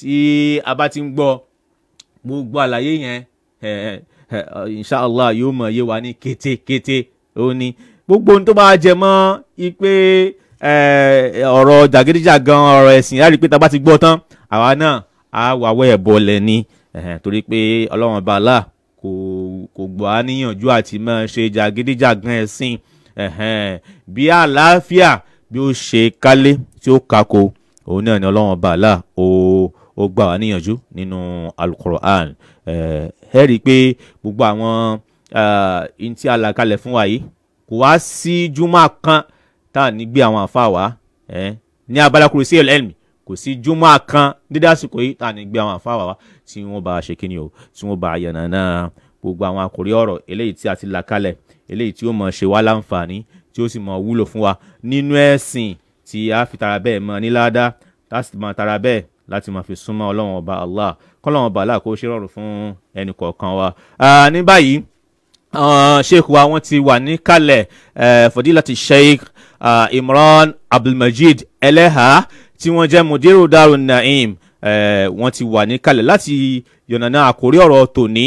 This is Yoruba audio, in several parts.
tí a bá ti ń gbọ́ gbogbo àlàyé yẹn inshallah yóò mọ̀ yé wa ní kétékété ó ní gbogbo ohun tó bá jẹ mọ́ ipe ọ̀rọ̀ jàgídíjàgan ọ̀rọ̀ ẹ̀sìn á pé tá a bá ti gbọ́ tán àwa náà á wàwọ́ ẹ̀ bọlẹ̀ ni torí pé ọlọ́run bàálà kò gbọ́ á níyànjú àti máa ṣe jàgídíjàgan ẹ̀sìn bí àlàáfíà bí ó ṣe kálé tí ó kako òun náà ni ọlọ́run bàálà ó ó gbà wá níyànjú nínú alukur'an ẹ rí i pé gbogbo àwọn n tí a là kalẹ̀ fún wa yìí kò wá sí júmọ́ kan tá à ní gbé àwọn àfa wá ní abala kurusi ẹlẹ́mì kò sí júmọ́ kan dídá àsìkò yìí tá à ní gbé àwọn àfa wá tí wọ́n bá ṣe kíni o tí wọ́n bá yànnà náà gbogbo àwọn àkòrí ọ̀rọ̀ eléyìí tí a ti là kalẹ̀ eléyìí tí ó mọ̀ ṣe wá láǹfààní tí ó sì mọ̀ wúlò fún wa nínú ẹ̀sìn tí a fi tara bẹ́ẹ̀ mọ̀ níláadá tá a sì mọ̀ tara bẹ́ẹ̀ láti máa fi súnmọ́ ọlọ́run ọba allah kọ́lọ́run ọba allah kó ṣe rọrùn fún ẹnì kọ̀ọ̀kan wa. ní báyìí sheikh wa wọ́n ti wà ní kalẹ̀ fadilati sheikh imran abdulmajid eleha tí wọ́n jẹ́ mudiru darun naim wọ́n ti wà ní kalẹ̀ láti yànnàná àkórí ọ̀rọ̀ tòní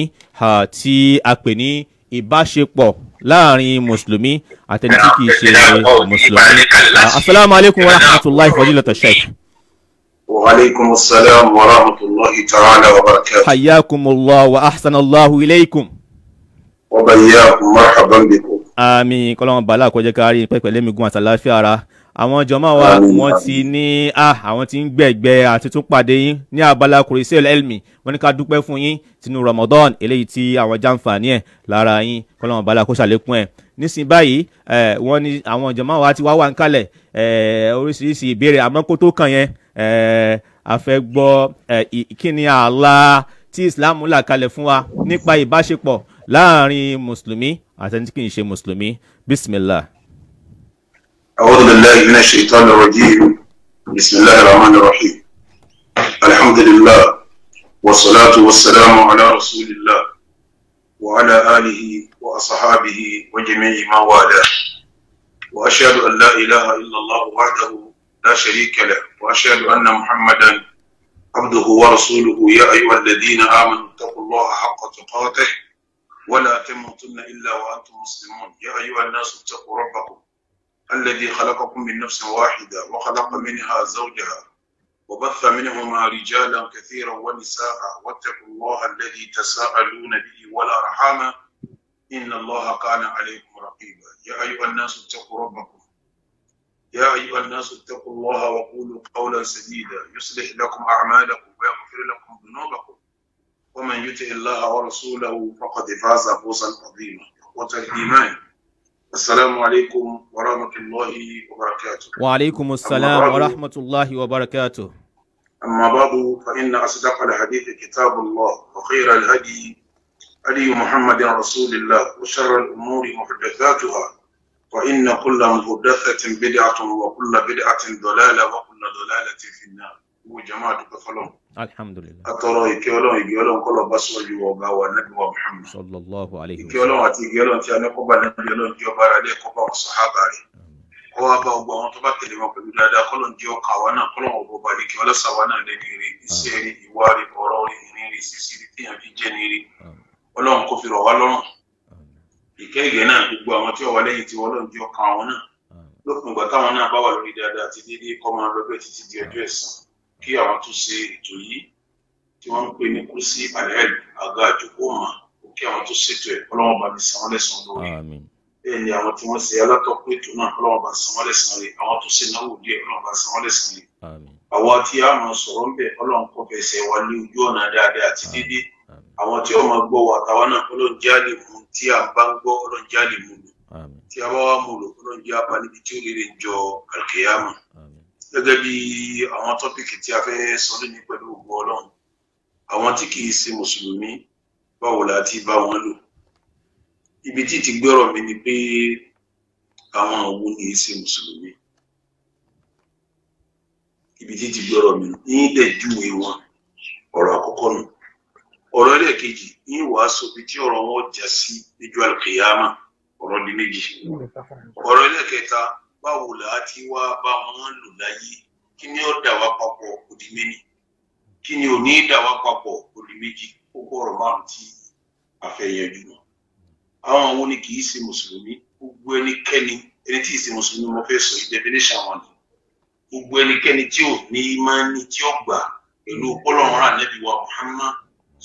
tí a pè ní ìbáṣepọ̀ láàrin mùsùlùmí àtẹnití kìí ṣe mùsùlùmí asalaamualeykum wa rahmatulahi fadilati sheikh. وعليكم السلام ورحمة الله تعالى وبركاته حياكم الله وأحسن الله إليكم وبياكم مرحبا بكم آمين. kọlọ́run bàálà kó jẹ́ ká rí pẹ́pẹ́ lẹ́mìgún في أرا. àwọn jọmọ́ wa wọ́n ti ní à àwọn ti ń gbẹ̀gbẹ́ àti tún pàdé yín ní abala kùrìsẹ́ẹ̀lì elmi wọ́n ní ká dúpẹ́ fún yín tinú Ramadan eléyìí tí àwọn jàǹfààní ẹ̀ lára yín kọlọ́run bàálà kó ṣàlékún ẹ̀ nísìnyí báyìí wọ́n ní àwọn jọmọ́ wa ti wá wà ń kalẹ̀ oríṣiríṣi ìbéèrè àmọ́ kó tó kàn yẹn a fẹ́ gbọ́ kí ni ààlà tí islam là kalẹ̀ fún wa nípa ìbáṣepọ̀ láàrin mùsùlùmí àtẹni tí kì í ṣe mùsùlùmí bismillah. أعوذ بالله من الشيطان الرجيم بسم الله الرحمن الرحيم الحمد لله والصلاة والسلام على رسول الله وعلى آله وأصحابه وجميع ما والاه وأشهد أن لا إله إلا الله وحده لا شريك له وأشهد أن محمدا عبده ورسوله يا أيها الذين آمنوا اتقوا الله حق تقاته ولا تموتن إلا وأنتم مسلمون يا أيها الناس اتقوا ربكم الذي خلقكم من نفس واحدة وخلق منها زوجها وبث منهما رجالا كثيرا ونساء واتقوا الله الذي تساءلون به ولا رحاما إن الله كان عليكم رقيبا يا أيها الناس اتقوا ربكم يا أيها الناس اتقوا الله وقولوا قولا سديدا يصلح لكم أعمالكم ويغفر لكم ذنوبكم ومن يطع الله ورسوله فقد فاز فوزا عظيما إخوة الإيمان السلام عليكم ورحمة الله وبركاته وعليكم السلام ورحمة الله وبركاته أما بعد فإن أصدق الحديث كتاب الله وخير الهدي علي محمد رسول الله وشر الأمور محدثاتها وإن كل محدثة بدعة وكل بدعة ضلالة وكل ضلالة في النار وجماعة كفلون الحمد لله أترى يكيولون يكيولون كل بسوج وقاوة النبي محمد صلى الله عليه وسلم يكيولون أتي يكيولون تيانا قبا يلون جيوبار عليه قبا وصحابة عليه قوة بأوبا وانتبا كلمة بلولا دا قلون جيو قاوانا قلون أبوبا لكي ولا سوانا لنيري إسيري إواري أوروري إنيري سيسيري تيان في جنيري ولون كفر ولون ìkẹ́gẹ́ náà gbogbo àwọn tí ó wà lẹ́yìn tí ọlọ́run jọ kan àwọn náà lópin ìgbà táwọn náà bá wà lórí dáadáa àti déédéé kọ́ máa lọ́gbẹ́ títí di ọjọ́ ẹ̀san kí àwọn tó ṣe ètò yìí tí wọ́n ń pè ní kú sí àlẹ́ẹ̀lì àga àjòkó mọ́ kí àwọn tó ṣètò ẹ̀ ọlọ́run bá mi san wọ́n lẹ́san lórí bẹ́ẹ̀ ni àwọn tí wọ́n ṣe alátọ́pọ̀ ètò náà ọlọ́run bá san wọ́n lẹ́san lé àwọn tó ṣe náwó díẹ̀ ọlọ́run bá san wọ́n lẹ́san a máa sọ̀rọ̀ ń bẹ̀ ọlọ́run kọ́ fẹsẹ̀ wa àwọn tí ó máa gbọ́ wà táwa náà ọlọ́run jẹ́ àlèmú tí a bá ń gbọ́ ọlọ́run jẹ́ àlèmú lò tí a bá wà mú lò ọlọ́run jẹ́ apá níbi tí ó lè lè jọ àlùkìyámà gẹ́gẹ́ bí àwọn tọ́pìkì tí a fẹ́ sọ lónìí pẹ̀lú ògbó ọlọ́run àwọn tí kì í ṣe mùsùlùmí báwo la ti bá wọn lò ibi tí ti gbọ́rọ̀ mi ni pé àwọn òun ní í ṣe mùsùlùmí ibi tí ti gbọ́rọ̀ mi ní dẹ̀ júwe wọn ọ̀rọ̀ àkọ́kọ́ nù ọ̀rọ̀ ẹlẹ́ẹ̀kejì ní ìwàásù bíi tí ọ̀rọ̀ wọn jà sí níjọ́ àlùkìyàmà ọ̀rọ̀ di méjì ọ̀rọ̀ ẹlẹ́ẹ̀kẹta báwo là á ti wá bá wọn lò láyé kí ni ó dà wá papọ̀ kò méjì kí ni ò ní dà wá papọ̀ kò di méjì kókó ọ̀rọ̀ márùn tí a mọ́ àwọn àwọn ni kì í ṣe mùsùlùmí gbogbo ẹnikẹ́ni ẹni tí ì ṣe mùsùlùmí mo fẹ́ sọ ni gbogbo ẹnikẹ́ni tí ò ní ìmánì tí ó gbà pẹ̀lú ọpọlọ́run rà nẹ́bí wa Muhammad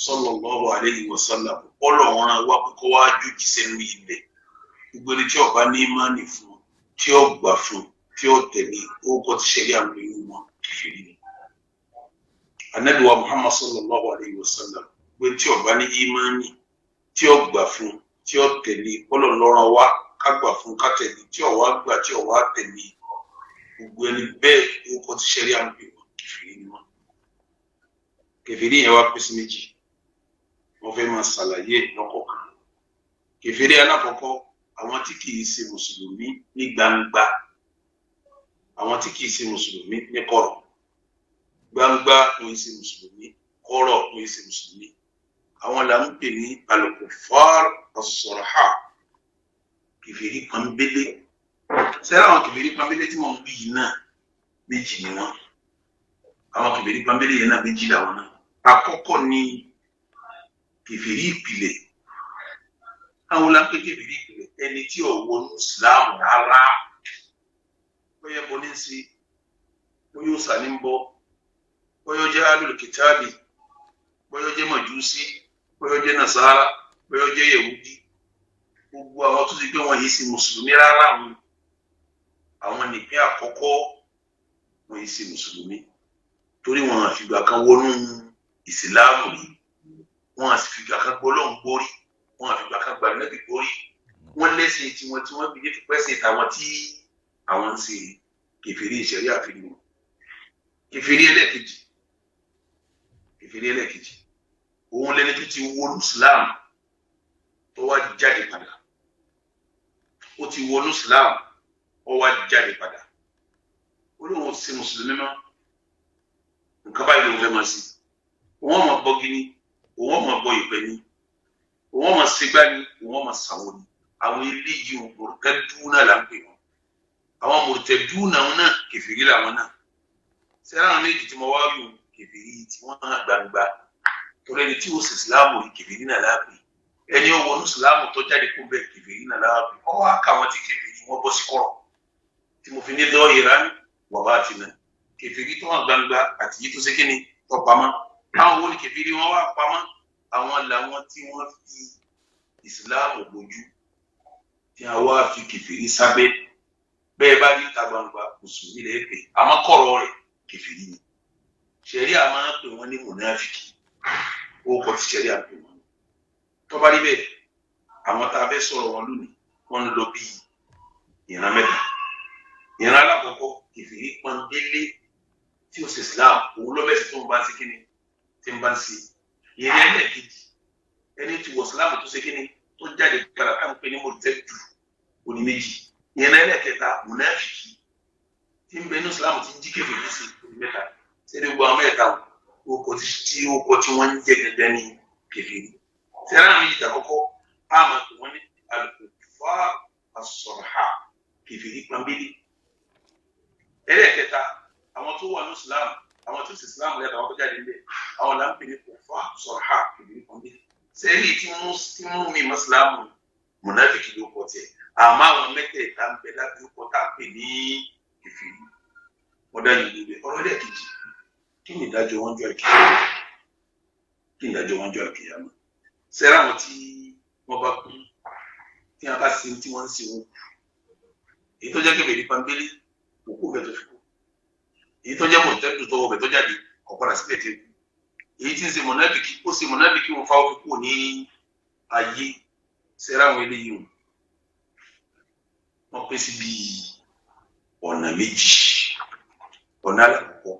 sallallahu alayhi wa sallam ọlọ wọn wá kókó wá jòjì sẹnu ilẹ̀ gbogbo ẹni tí ọba ní ìmánì fún tí ó gbà fún tí ó tẹ̀lé orúkọ ti ṣẹlẹ̀ àwọn ènìyàn wọn kìfìrí ni anabi muhammad sallallahu alayhi wa sallam gbogbo tí ọba ní ìmánì tí ó gbà fún tí ó tẹ̀lé ọlọ lọrọ wá ká gbà fún ká tẹ̀lé tí ọwá gbà tí ọwá tẹ̀lé gbogbo ẹni bẹ́ẹ̀ orúkọ ti ṣẹlẹ̀ àwọn ènìyàn kìfìrí ni wọn kìfìrí yẹn wá pèsè méjì wọ́n fẹ́ máa ṣàlàyé lọ́kọ̀ọ̀kan kèfèrí alákọ̀ọ́kọ́ àwọn tí kìí ṣe mùsùlùmí ní gbangba àwọn tí kìí ṣe mùsùlùmí ní kọ̀rọ̀ gbangba wọn ṣe mùsùlùmí kọ̀rọ̀ wọn ṣe mùsùlùmí àwọn là ń pè ní alukufar asọ̀rọ̀hà kèfèrí pọ́nbélé sẹ́rẹ́ àwọn kèfèrí pọ́nbélé tí wọ́n ń bí yìí náà méjì ni wọ́n àwọn kèfèrí pọ́nbélé yẹn náà méjì làwọn náà àkọ́kọ́ ni. kèfèrí ìpìlẹ̀ àwọn lápẹ kèfèrí ìpìlẹ̀ ẹni tí ò wọnú islam rárá bóyá bọ ní isi bóyá ó sàní ń bọ bóyá ó jẹ alùkìtàbì bóyá ó jẹ màjúsí bóyá ó jẹ jẹ gbogbo àwọn tó ti wọn àwọn àkọ́kọ́ wọn yìí sí mùsùlùmí torí wọn àfìgbà kan wọn àti fìgbà kan gbólóhùn gbórí wọn àti fìgbà kan gbàdú nẹ́bí gbórí wọn lẹ́sìn tiwọn tí wọ́n fi ní pẹ́sìn tàwọn tí àwọn ń ṣe kẹfìrí ìṣẹ̀rí àfihàn kẹfìrí ẹlẹ́ẹ̀kejì kẹfìrí ẹlẹ́ẹ̀kejì òun lẹni tó ti wọnú Islam tó wá jáde padà ó ti wọnú Islam ó wá jáde padà ó lóun ti ṣe mùsùlùmí mọ́ nǹkan báyìí ló ń fẹ́ máa ṣe wọ́n mọ̀ bọ́gí ni òun ọmọ bọ ìpè ni òun ọmọ sígbà ni òun ọmọ sàwọn ni àwọn eléyìí òrùka dúnà là ń pè wọn àwọn mọ̀tẹ́ dúnà wọn náà kẹfìrí làwọn náà sẹ́rà àwọn méjì tí mo wá rí òun kẹfìrí tí wọ́n hàn gbangba torí ẹni tí ó sì síláàmù rí kẹfìrí náà láàbì ẹni ó wọnú síláàmù tó jáde kó bẹ kẹfìrí náà láàbì ọwọ́ àká wọn ti kẹfìrí wọn bọ́ sí kọ̀rọ̀ tí mo fi ní dọ́ ìran wàhálà ti náà kẹfìrí tó hàn gbangba àtìyí tó ṣe kíni tó pamọ́ táwọn owó ní kẹfìrí wọn wà pamọ́ àwọn làwọn tí wọ́n fi ìsìláàmù gbójú tí a wá fi kẹfìrí sábẹ́ bẹ́ẹ̀ bá ní ta gbangba mùsùlùmí lè pè àmọ́ kọ̀rọ̀ rẹ̀ kẹfìrí ni ṣẹ̀rí àmọ́ pè wọ́n ní mùnáfìkì ó kọ́ ti ṣẹ̀rí àpè wọn tó bá rí bẹ́ẹ̀ àwọn tá a fẹ́ sọ̀rọ̀ wọn lónìí wọ́n ń lọ bí ìran mẹ́ta ìran alákọ̀ọ́kọ́ kẹfìrí pọ́nbélé tí ó sì Islam òun lọ́mẹ́sì tó ń bá sí kíni tí n bá ń se yẹn ní ẹlẹ́ẹ̀kejì ẹni tí wọ̀ sílámù tó ṣe kíni tó jáde padà táwọn pé ní mo tẹ́ jù òní méjì yẹn ní ẹlẹ́ẹ̀kẹta mùnáfìkì tí n bẹ ní sílámù tí ń jí kéfì ní sí òní mẹ́ta sẹ́ni gbogbo àwọn mẹ́ta okò tí okò tí wọ́n ń jẹ gẹ́gẹ́ ní kéfì ní sẹ́ni àwọn méjì tàkọ́kọ́ àmà tó wọ́n ní àlùfáà àsọ̀rọ̀hà kéfì ní pàmbélé ẹlẹ́ẹ̀kẹta àwọn tó wà ní sílámù àwọn tó ti islam yàtọ̀ àwọn tó jáde níbẹ̀ àwọn là ń pè ní kòfà sọ̀rọ̀ ha pèlè nǹkan bí. sẹ́yìn tí mú tí mú mi mọ́sílámù mọ̀nàfíkì ló kọ tiẹ̀ àmọ́ àwọn mẹ́tẹ̀ẹ̀ta ń bẹ lábẹ́ ó kọ tá a pè ní kèfèrí ọ̀dà yìí lè ọ̀rọ̀ ilé kejì kí ni ìdájọ́ wọn jọ àkíyàmọ́ kí ni ìdájọ́ wọn jọ àkíyàmọ́ sẹ́ra àwọn tí wọ́n bá kú tí wọ́n bá sin tí wọ́n ń sin wọn èyí tó jẹ́ kébèrè pàmbélé èyí tó jẹ́ mọ̀tẹ́dù tó wọbẹ̀ tó jáde kò padà sílẹ̀ tẹ́ èyí tí ń ṣe mọ̀nàbìkì ó ṣe mọ̀nàbìkì wọn fáwọn kúkú ní ayé sẹ́rà àwọn eléyìí o wọ́n pín sí bí ọ̀nà méjì ọ̀nà alákọ̀ọ́kọ́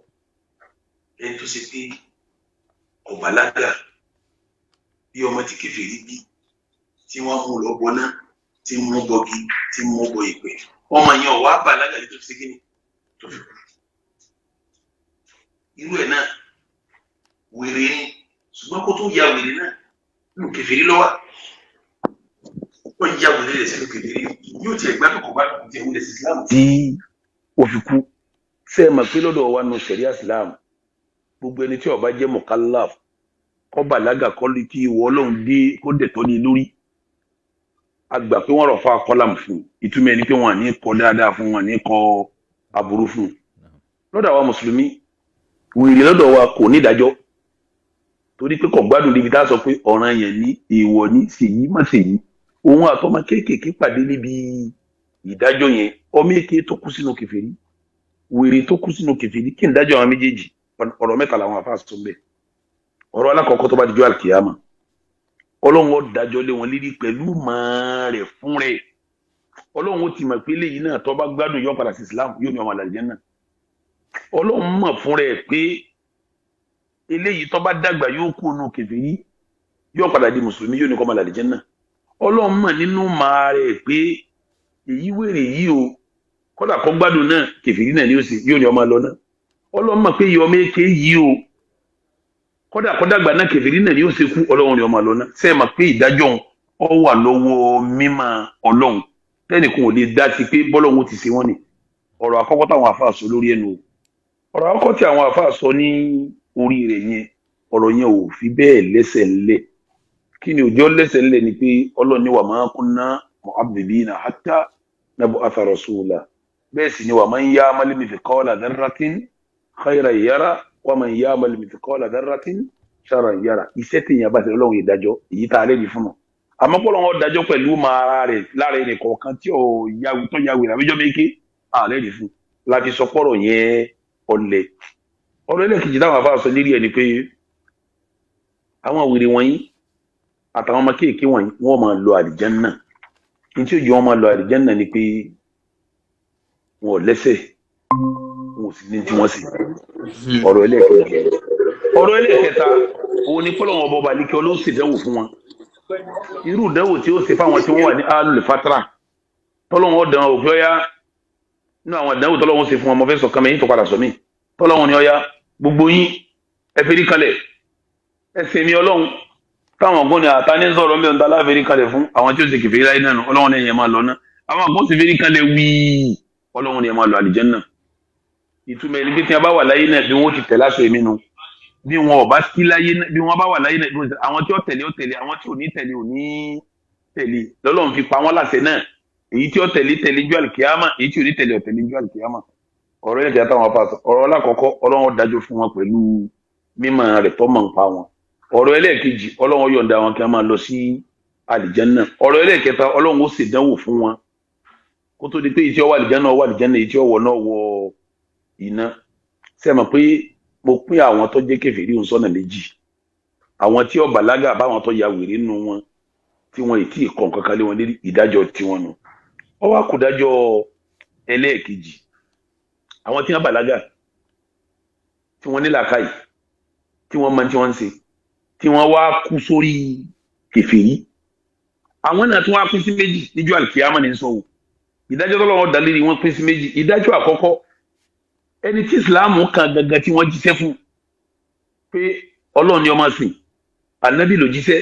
ẹni tó ṣe pé ọ̀bàlágà bí ọmọ ti kèfèrí bí tí wọ́n mú lọ bọ́ná tí mú bọ́gi tí mú bọ ìpè ọmọ yẹn ọ̀wá bàlágà tó ṣe kí ni tó fi kú irú ẹ̀ náà wèrè ni ṣùgbọ́n kó tó ya wèrè náà nù kẹfìrí lọ́wọ́ ó ya wèrè rẹ̀ sínú kẹfìrí yóò tiẹ̀ gbádùn kó gbádùn tiẹ̀ wúlẹ̀ sí Islam tí ó fi kú ṣe é mọ̀ pé lọ́dọ̀ wa nu sẹ̀ríà Islam gbogbo ẹni tí ó bá jẹ́ mọ̀kálàf kó bàlágà kó lè kí ìwọ ọlọ́run dé kó dẹ̀ tọ́ ni lórí àgbà pé wọ́n rọ̀ fún akọ́làm fún ìtumọ̀ ẹni pé wọ́n à ní kọ́ dáadáa fún wọn à ní kọ́ aburú fún lọ́dọ̀ àwa mùsùlùmí wèrè lọ́dọ̀ wa kò ní ìdájọ́ torí pé kò gbádùn níbi tá a sọ pé ọ̀ràn yẹn ní èèwọ̀ ní ṣèyí má ṣèyí òun àtọmọ kéékèèké pàdé níbi ìdájọ́ yẹn ọmọ èké tó kú sínú kẹfìrí wèrè tó kú sínú kẹfìrí kí n dájọ́ àwọn méjèèjì ọ̀rọ̀ mẹ́ta làwọn àfáà sọ bẹ́ẹ̀ ọ̀rọ̀ alákọ̀ọ́kọ́ tó bá dijọ́ àlùkìyàmà ọlọ́run ó dájọ́ lé wọn lérí pẹ̀lú màá rẹ̀ fún Islam yóò ní ọlọ́run mọ̀ fúnra ẹ̀ pé eléyìí tó bá dàgbà yóò kú ònú kèfèrí yóò padà di mùsùlùmí yóò ní kọ́ máa làlìjẹ́ náà ọlọ́run mọ̀ nínú màá rẹ̀ pé èyí wèrè yìí o kọ́dà kọ́ gbádùn náà kèfèrí náà ni ó sì yóò ní ọmọ lọ náà ọlọ́run mọ̀ pé iye ọmọ èké yìí o kọ́dà kọ́ dàgbà náà kèfèrí náà ni ó sì kú ọlọ́run ní ọmọ lọ náà sẹ́ẹ̀ mọ̀ pé ìdájọ́ ọ wà lọ́wọ́ mímọ́ ọlọ́run tẹ́nìkan ò lè ọ̀rọ̀ àkọ́kọ́ tí àwọn àáfàá sọ ní orí rẹ̀ yẹn ọ̀rọ̀ yẹn ò fi bẹ́ẹ̀ lẹ́sẹ̀ ńlẹ̀ kí ni òjò lẹ́sẹ̀ ńlẹ̀ ni pé ọlọ́run ní wa ma kunna mu'azzibina hatta nab'atha rasula bẹ́ẹ̀ sì ni wa man ya'mal mithqala dharratin khayran yara wa man ya'mal mithqala dharratin sharran yara iṣẹ́ tèèyàn bá ti lọ́wọ́ ìdájọ́ èyí tá a lè rí fún un àmọ́ pọ́lọ́ wọn dájọ́ pẹ̀lú máa rẹ̀ lára ẹnì kọ̀ọ̀kan tí ò yáwé tó yáwé rà méjọ́ méke àlẹ́ rí fún un láti sọ pọ́rọ̀ yẹn ọ̀lẹ ọ̀rọ̀ ẹlẹ́kejì táwọn afáà sọ lérí ẹ̀ ni pé àwọn wèrè wọ̀nyí àtàwọn ọmọ kéèké wọ̀nyí wọ́n máa lọ àlìjánná ní tí ó jẹ́ máa lọ àlìjánná ni pé wọn ò lẹ́sẹ̀ wọn ò sì ní tí wọ́n sì ọ̀rọ̀ ẹlẹ́kẹ̀ẹ́ ọ̀rọ̀ ẹlẹ́kẹta òun ni kọ́lọ́wọ́n ọba ọba àlekẹ́ olóòsè dánwò fún wọn irú ìdánwò tí ó ṣe fáwọn tí wọ́n wà ní alùpàtàrà tọ́lọ́wọ́n dán òfin ọ̀yá nínú àwọn ìdánwò tọ́lọ́wọ́n ṣe fún ọmọ fẹ́ sọ kan mẹ́yìn tó padà sọ mí tọ́lọ́wọ́n ni ọya gbogbo yín ẹ fẹ́rí kalẹ̀ ẹ sì mi ọlọ́run táwọn ọgbọ́n ni àtàní ń sọ̀rọ̀ mẹ́rin tálá fẹ́rí kalẹ̀ fún àwọn tí ó sì kìfèrí láyé náà ọlọ́run ni ẹ̀ máa lọ náà àwọn àgbọ̀n sì fẹ́rí kalẹ̀ wíì ọlọ́run ni ẹ̀ máa lọ àlìjánnà ìtumọ̀ ẹni pé tí wọ́n bá wà láyé náà bí wọ́n ti tẹ̀ láṣọ èmi nu bí wọn ò bá sí láyé bí wọ́n bá wà láyé náà àwọn tí ó tẹ̀lé ó tẹ̀lé àwọn tí ò ní tẹ̀lé ò ní tẹ̀lé lọ́lọ́run fi pa wọ́n láṣẹ náà èyí tí ó tẹ̀lé tẹ̀lé ju àlìkíyàmà èyí tí ò ní tẹ̀lé ò tẹ̀lé ju àlìkíyàmà ọ̀rọ̀ ilẹ̀ kẹta wọn pàṣẹ ọ̀rọ̀ alákọ̀ọ́kọ́ ọlọ́run dájọ́ fún wọn pẹ̀lú mímọ̀ rẹ̀ tó mọ̀ nípa wọn ọ̀rọ̀ ẹlẹ́ẹ̀kejì ọlọ́run yọ̀ǹda wọn kí wọ́n máa lọ sí àlìjánná ọ̀rọ̀ ẹlẹ́ẹ̀kẹta ọlọ́run ó ṣèdánwò fún wọn kó tó di pé ìtí ọwọ́ àlìjánná ọwọ́ àlìjánná ìtí ọwọ́ náà wọ ìdájọ́ tiwọn nù. No ó wá kù dájọ́ ẹlẹ́ẹ̀kejì àwọn tí wọ́n bàlágà tí wọ́n ní làákàyè tí wọ́n mọ tí wọ́n ń ṣe tí wọ́n wá kú sórí kèfèrí àwọn náà tún wá pín sí méjì níjọ́ àlùkìyàmọ ní sọ o ìdájọ́ tọlọ́run dalírí wọ́n pín sí méjì ìdájọ́ àkọ́kọ́ ẹni tí ìsìláàmù kan gangan tí wọ́n jíṣẹ́ fún pé Ọlọ́run ni ọmọ sìn ànábì ló jíṣẹ́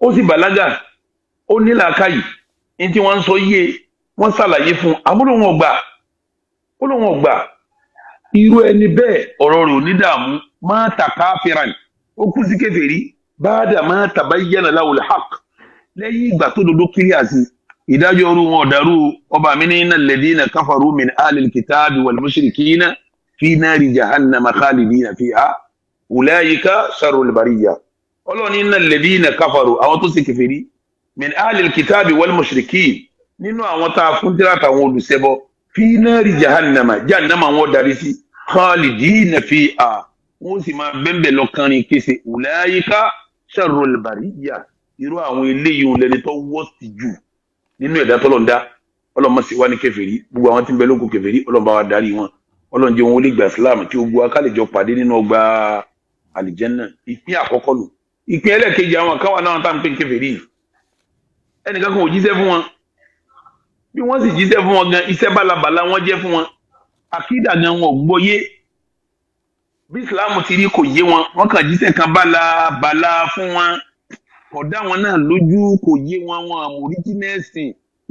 ó sì bàlágà ó ní làákàyè ní tí wọ́n ń sọ yíye wọ́n ṣàlàyé fún amúlòwọn ọgbà amúlòwọn ọgbà irú ẹni bẹ́ẹ̀ ọ̀rọ̀ rẹ̀ ò ní dààmú máa ta káfíran ó kú sí kèfèrí báàdà máa tàbá yẹnà láwùlẹ̀ hàk lẹ́yìn ìgbà tó dodo kiri àti ìdájọ́ ọrú wọn ọ̀dàrú ọba mi ní iná lẹ́dí káfàrú mi ní alẹ́ kìtàbí wal mushrikina fi nari jahannama khalidina fiha wùláyíká sharrul bariyya ọlọ́ọ̀ni iná lẹ́dí káfàrú àwọn tó sì kèfèrí min alẹ́ kìtàbí wal mushrikina nínú àwọn tá a fún tíra àtàwọn olùṣẹbọ fi nari jahannama jahannama wọn darí sí khalidina fiha wọn sì máa bẹ́ńbẹ̀ lọ kánrin kése ulaika sharrul bariyya irú àwọn eléyìí lẹni tó wọ́ọ̀sì jù nínú ẹ̀dá tọ́lọ̀ndá ọlọ́mọ sì wá ní kèfèrí gbogbo àwọn tí ń bẹ lóko kèfèrí ọlọ́mọ wa darí wọn ọlọ́run jẹ́ wọn ó lè gba islam tí gbogbo akálẹ̀jọ pàdé nínú ọgbà àlìjẹ́nà ìpín àkọ́kọ́ lò ìpín ẹlẹ́ẹ̀kejì àwọn kan náà tá à ń pè ẹnìkan kan ò jíṣẹ́ fún wọn bí wọ́n sì jíṣẹ́ fún wọn gan iṣẹ́ bálabàla wọ́n jẹ́ fún wọn àkídà gan wọn ò gbọ́yé bí islam ti rí kò yé wọn wọ́n kàn jíṣẹ́ kan bálabàla fún wọn kódà wọn náà lójú kò yé wọn wọn àmóríjì nẹ́ẹ̀sì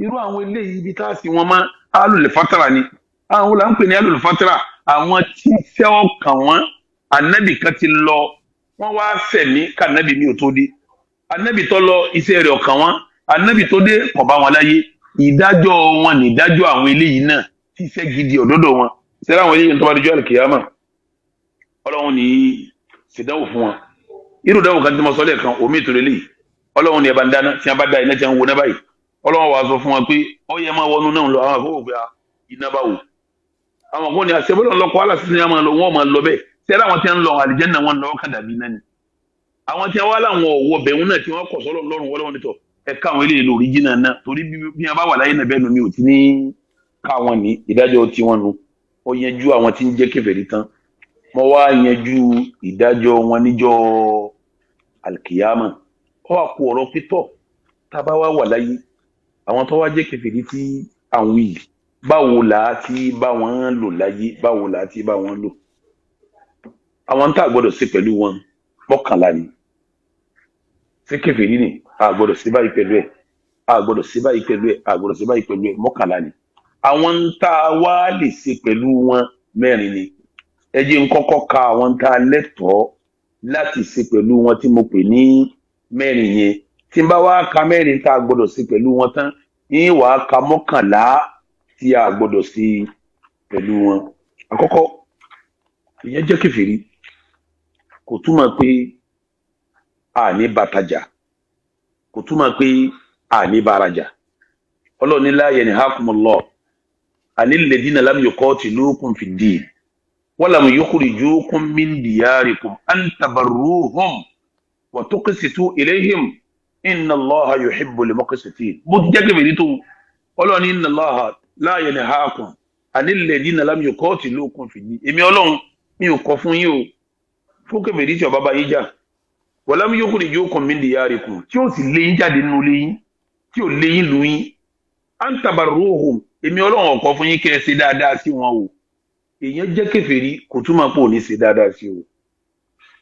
irú àwọn eléyìí ibi tá a sì wọn mọ alùlẹ̀fátàrà ni àwọn là ń pè ní alùlẹ̀fátàrà àwọn tí iṣẹ́ ọkàn wọn ànábì kan ti lọ wọ́n wá sẹ̀mí kànábì mi ò tó dé ànábì tó lọ iṣẹ́ rẹ̀ ọkàn wọn ànábì tó dé kò bá wọn láyé ìdájọ́ wọn ní ìdájọ́ àwọn eléyìí náà tí iṣẹ́ gidi ọ̀dọ́dọ̀ wọn sẹ́rẹ́ àwọn eléyìí tó bá dojú àlùkìyàmà ọlọ́run ní ṣèdánwò fún wọn irú ìdánwò kan tí mo sọ lẹ́ẹ̀kan omi ìtòlè eléyìí ọlọ́run ní ẹ̀ bá ń dáná tí a bá da iná tí a ń wo náà báyìí ọlọ́run wàá sọ fún wọn pé ọyẹ máa wọnú náà lọ àwọn àfọwọ́ pé ah, iná bá wò àwọn kò ní àṣẹbọ́lọ́ lọ́kọ́ aláṣẹ ni wọ́n máa lọ bẹ́ẹ̀ sẹ́rẹ́ àwọn tí wọ́n ń lọ àlìjẹ́ náà wọ́n lọ́ọ́ kàdàbí náà ni àwọn tí wọ́n wá láwọn ọ̀wọ́ bẹ̀rù náà tí wọ́n kọ̀ sọ́lọ́ lọ́rùn wọ́lọ́wọ́n nítọ̀ ẹ káwọn eléyìí lórí jìnnà náà torí bí wọn bá wà láyé nàbẹ́nu mi ò ti ní káwọn ní ìdájọ́ tiwọn nu ó yanjú àwọn tí ń jẹ́ kèfèrí tán mo wá yanjú ìdájọ́ wọn níjọ́ alkiyama ó wà kú ọ̀rọ̀ pítọ̀ tá a bá wá wà láyé àwọn tó wá jẹ́ kèfèrí tí àwọn yìí báwo là á ti bá wọn lò láyé báwo là á ti bá wọn lò àwọn tá a gbọ́dọ̀ ṣe pẹ̀lú wọn mọ́kànlá ni ṣé kèfèrí ni a gbọ́dọ̀ sí báyìí pẹ̀lú ẹ̀ a gbọ́dọ̀ sí báyìí pẹ̀lú ẹ̀ a gbọ́dọ̀ sí báyìí pẹ̀lú ẹ̀ mọ́kànlá ni àwọn ń tá a wá lè ṣe pẹ̀lú wọn mẹ́rin ni ẹ jẹ́ ń kọ́kọ́ ka àwọn tá a lẹ́tọ̀ọ́ láti ṣe pẹ̀lú wọn tí mo pè ní mẹ́rin yẹn tí n bá wá ka mẹ́rin tá a gbọ́dọ̀ ṣe pẹ̀lú wọn tán yín wàá ka mọ́kànlá tí a gbọ́dọ̀ ṣe pẹ̀lú wọn àkọ́kọ́ ìyẹn jẹ́ kèfèrí kò túmọ̀ pé àní bàtàjà kò túmọ̀ pé àní bàrajà ọlọ́run ní la yanhakumullahu anil ladina lam yuqatilukum fid din walam yukhrijukum min diyarikum an tabarruhum wa tuqsitu ilayhim inna Allaha yuhibbul muqsitin bó jẹ́ kébèrè tó ọlọ́run inna Allaha la yanhakum anil ladina lam yuqatilukum fid din èmi ọlọ́run mi ò kọ fún yín o fún kébèrè tí ọba bá yín jà wọ̀lámú yóò kúrò yóò kàn mí lè yára kù tí ó sì léyìn jáde nínú léyìn tí ó léyìn lu yín à ń tabarú ohun èmi ọlọ́run ọ̀kọ́ fún yín kẹ́ ẹ ṣe dáadáa sí wọn o èèyàn jẹ́ kèfèrí kò túmọ̀ pé ò ṣe dáadáa sí o